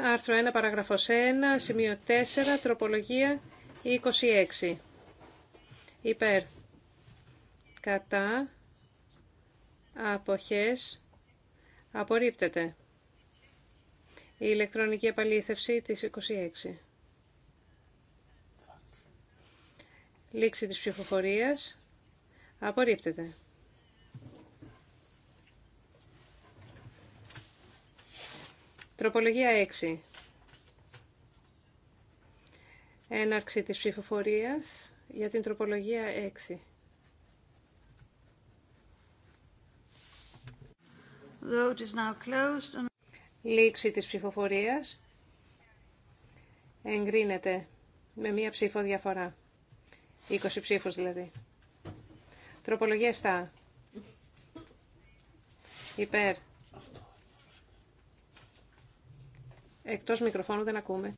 Άρθρο 1, παραγραφός 1, σημείο 4, τροπολογία 26. Υπέρ κατά αποχές απορρίπτεται. Η ηλεκτρονική επαλήθευση της 26. Λήξη της ψηφοφορίας απορρίπτεται. Τροπολογία 6. Έναρξη της ψηφοφορίας για την τροπολογία 6. Vote is now Λήξη της ψηφοφορίας εγκρίνεται με μία ψήφο διαφορά. 20 ψήφους δηλαδή. Τροπολογία 7. Υπέρ. Εκτός μικροφώνου δεν ακούμε.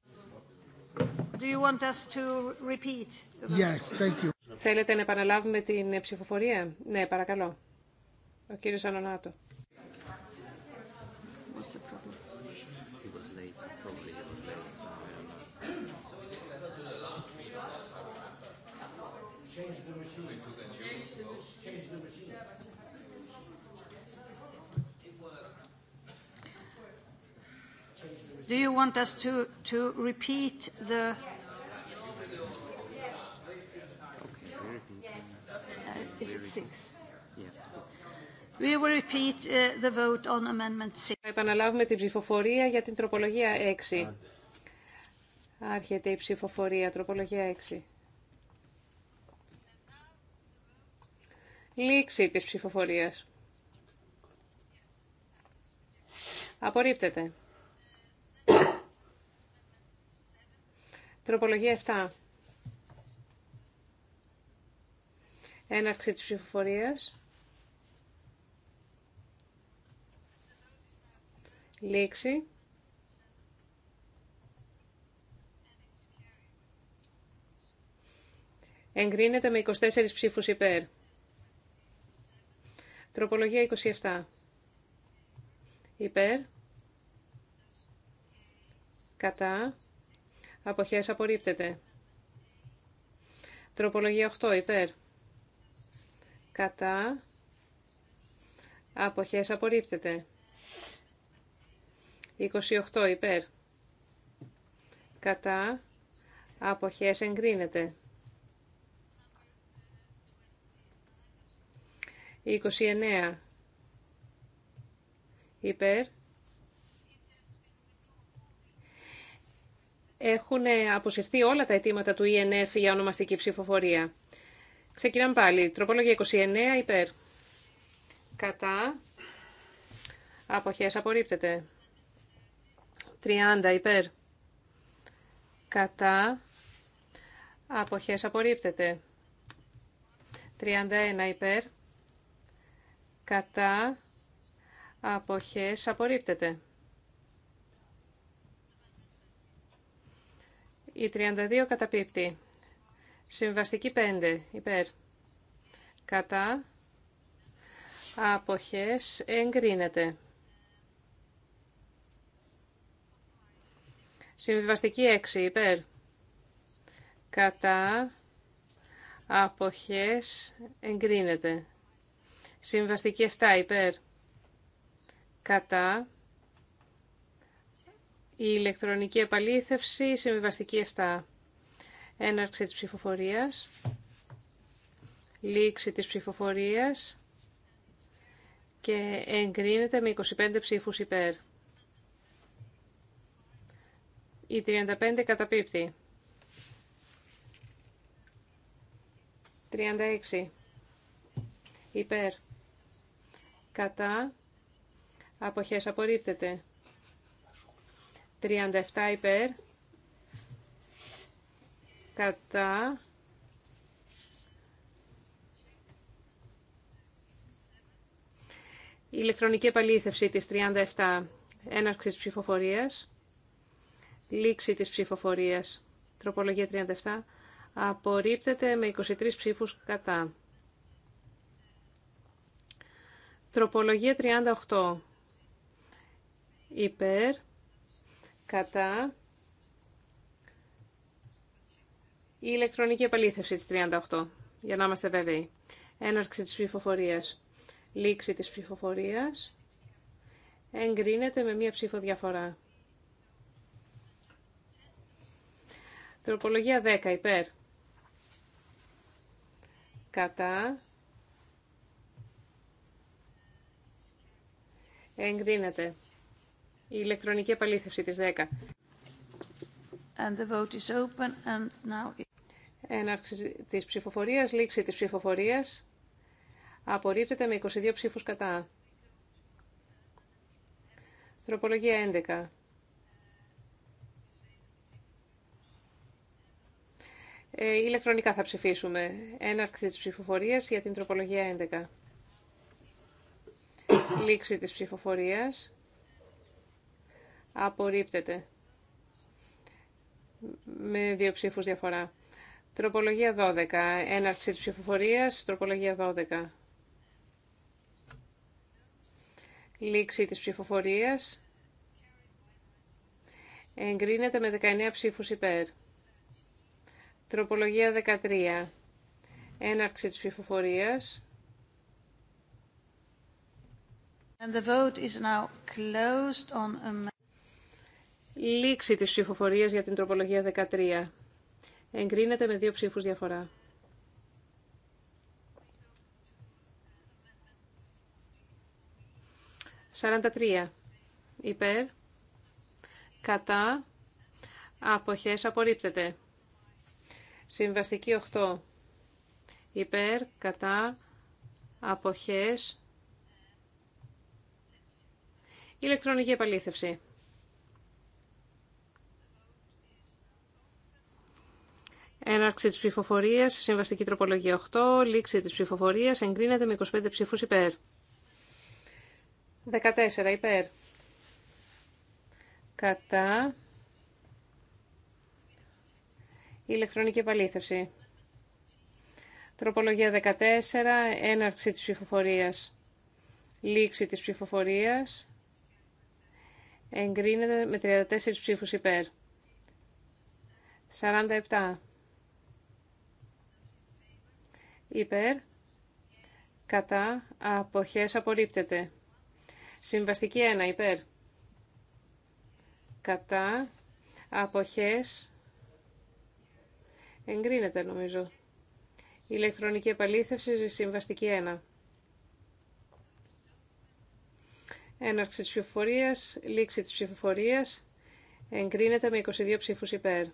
Do you want us to repeat? Yes, thank you. Θέλετε να επαναλάβουμε την ψηφοφορία. Ναι, παρακαλώ. Ο κύριος Ανωνάτο. What's the problem? He was late. Probably he was late. So I don't know. Do you want us to, to repeat the... Okay, we repeat. Uh, is it six? We will repeat uh, the vote on amendment Θα επαναλάβουμε την ψηφοφορία για την τροπολογία 6. Άρχεται η ψηφοφορία, τροπολογία 6. Λήξη της ψηφοφορίας. Απορρίπτεται. Τροπολογία 7. Έναρξη της ψηφοφορίας. Λήξη. Εγκρίνεται με 24 ψήφους υπέρ. Τροπολογία 27. Υπέρ. Κατά. Αποχές απορρίπτεται. Τροπολογία 8. Υπέρ. Κατά. Αποχές απορρίπτεται. 28 υπέρ. Κατά αποχές εγκρίνεται. 29 υπέρ. Έχουν αποσυρθεί όλα τα αιτήματα του ΕΝΕΦ e για ονομαστική ψηφοφορία. Ξεκινάμε πάλι. Τροπολογία 29 υπέρ. Κατά. Αποχές απορρίπτεται. 30 υπέρ. Κατά. Αποχές απορρίπτεται. 31 υπέρ. Κατά. Αποχές απορρίπτεται. Η 32 καταπίπτει. Συμβαστική 5 υπέρ. Κατά. Αποχές εγκρίνεται. Συμβιβαστική 6 υπέρ. Κατά αποχές εγκρίνεται. Συμβαστική 7 υπέρ. Κατά η ηλεκτρονική επαλήθευση, συμβιβαστική 7. Έναρξη της ψηφοφορίας, λήξη της ψηφοφορίας και εγκρίνεται με 25 ψήφους υπέρ. Η 35 καταπίπτει. 36. Υπέρ. Κατά. Αποχές απορρίπτεται. 37 υπέρ. Κατά. Ηλεκτρονική επαλήθευση της 37. Έναρξης ψηφοφορίας. Λήξη της ψηφοφορίας. Τροπολογία 37. Απορρίπτεται με 23 ψήφους κατά. Τροπολογία 38. Υπέρ. Κατά. Η ηλεκτρονική επαλήθευση της 38. Για να είμαστε βέβαιοι. Έναρξη της ψηφοφορίας. Λήξη της ψηφοφορίας. Εγκρίνεται με μία ψήφο διαφορά. Τροπολογία 10 υπέρ. Κατά. Εγκρίνεται. Η ηλεκτρονική επαλήθευση της 10. And the vote is open and now... Έναρξη της ψηφοφορίας, λήξη της ψηφοφορίας. Απορρίπτεται με 22 ψήφους κατά. Τροπολογία 11. Ε, ηλεκτρονικά θα ψηφίσουμε. Έναρξη της ψηφοφορίας για την τροπολογία 11. Λήξη της ψηφοφορίας. Απορρίπτεται. Με δύο ψήφους διαφορά. Τροπολογία 12. Έναρξη της ψηφοφορίας. Τροπολογία 12. Λήξη της ψηφοφορίας. Εγκρίνεται με 19 ψήφους υπέρ. Τροπολογία 13. Έναρξη της ψηφοφορίας. And the vote is now closed on a... Λήξη της ψηφοφορίας για την τροπολογία 13. Εγκρίνεται με δύο ψήφους διαφορά. 43. Υπέρ. Κατά. Αποχές απορρίπτεται. Συμβαστική 8. Υπέρ, κατά, αποχές, ηλεκτρονική επαλήθευση. Έναρξη της ψηφοφορίας, συμβαστική τροπολογία 8, λήξη της ψηφοφορίας, εγκρίνεται με 25 ψήφους υπέρ. 14 υπέρ. Κατά. Η ηλεκτρονική επαλήθευση. Τροπολογία 14, έναρξη της ψηφοφορίας, λήξη της ψηφοφορίας, εγκρίνεται με 34 ψήφους υπέρ. 47. Υπέρ, κατά, αποχές απορρίπτεται. Συμβαστική 1, υπέρ. Κατά, αποχές Εγκρίνεται νομίζω. Ηλεκτρονική επαλήθευση, συμβαστική 1. Έναρξη της ψηφοφορίας, λήξη της ψηφοφορίας, εγκρίνεται με 22 ψήφους υπέρ.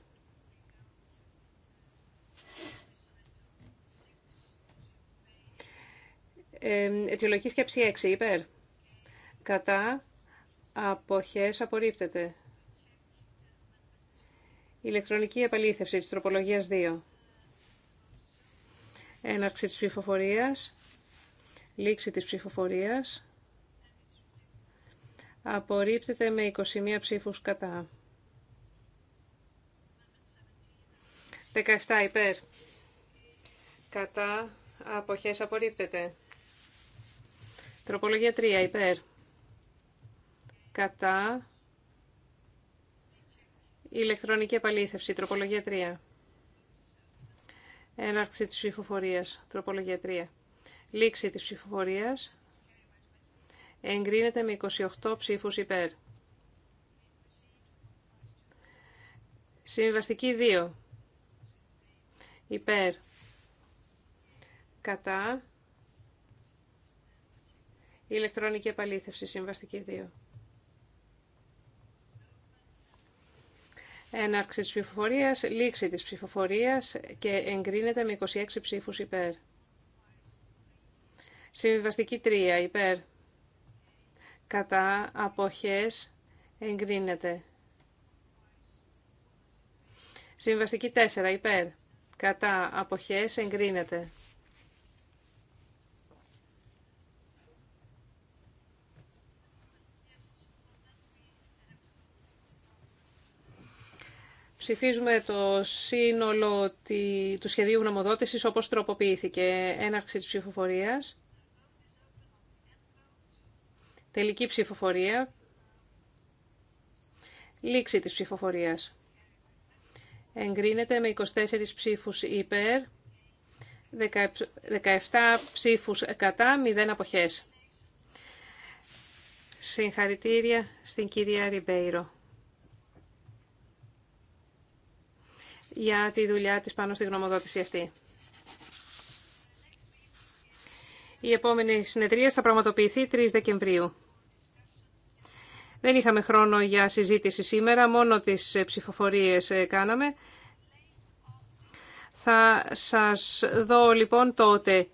Ε, αιτιολογική σκέψη 6 υπέρ. Κατά αποχές απορρίπτεται. Ηλεκτρονική επαλήθευση της τροπολογίας 2. Έναρξη της ψηφοφορίας. Λήξη της ψηφοφορίας. Απορρίπτεται με 21 ψήφους κατά. 17 υπέρ. Κατά. Αποχές απορρίπτεται. Τροπολογία 3 υπέρ. Κατά ηλεκτρονική επαλήθευση, τροπολογία 3. Έναρξη της ψηφοφορίας, τροπολογία 3. Λήξη της ψηφοφορίας, εγκρίνεται με 28 ψήφους υπέρ. Συμβαστική 2. Υπέρ. Κατά. Ηλεκτρονική επαλήθευση, συμβαστική 2. Έναρξη της ψηφοφορίας, λήξη της ψηφοφορίας και εγκρίνεται με 26 ψήφους υπέρ. Συμβιβαστική 3 υπέρ. Κατά αποχές εγκρίνεται. Συμβαστική 4 υπέρ. Κατά αποχές εγκρίνεται. Ψηφίζουμε το σύνολο του σχεδίου γνωμοδότησης όπως τροποποιήθηκε. Έναρξη της ψηφοφορίας. Τελική ψηφοφορία. Λήξη της ψηφοφορίας. Εγκρίνεται με 24 ψήφους υπέρ, 17 ψήφους κατά, 0 αποχές. Συγχαρητήρια στην κυρία Ριμπέιρο. για τη δουλειά της πάνω στη γνωμοδότηση αυτή. Η επόμενη συνεδρία θα πραγματοποιηθεί 3 Δεκεμβρίου. Δεν είχαμε χρόνο για συζήτηση σήμερα, μόνο τις ψηφοφορίες ε, κάναμε. Θα σας δω λοιπόν τότε.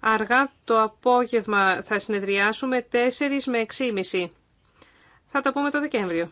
Αργά το απόγευμα θα συνεδριάσουμε 4 με 6.30. Θα τα πούμε το Δεκέμβριο.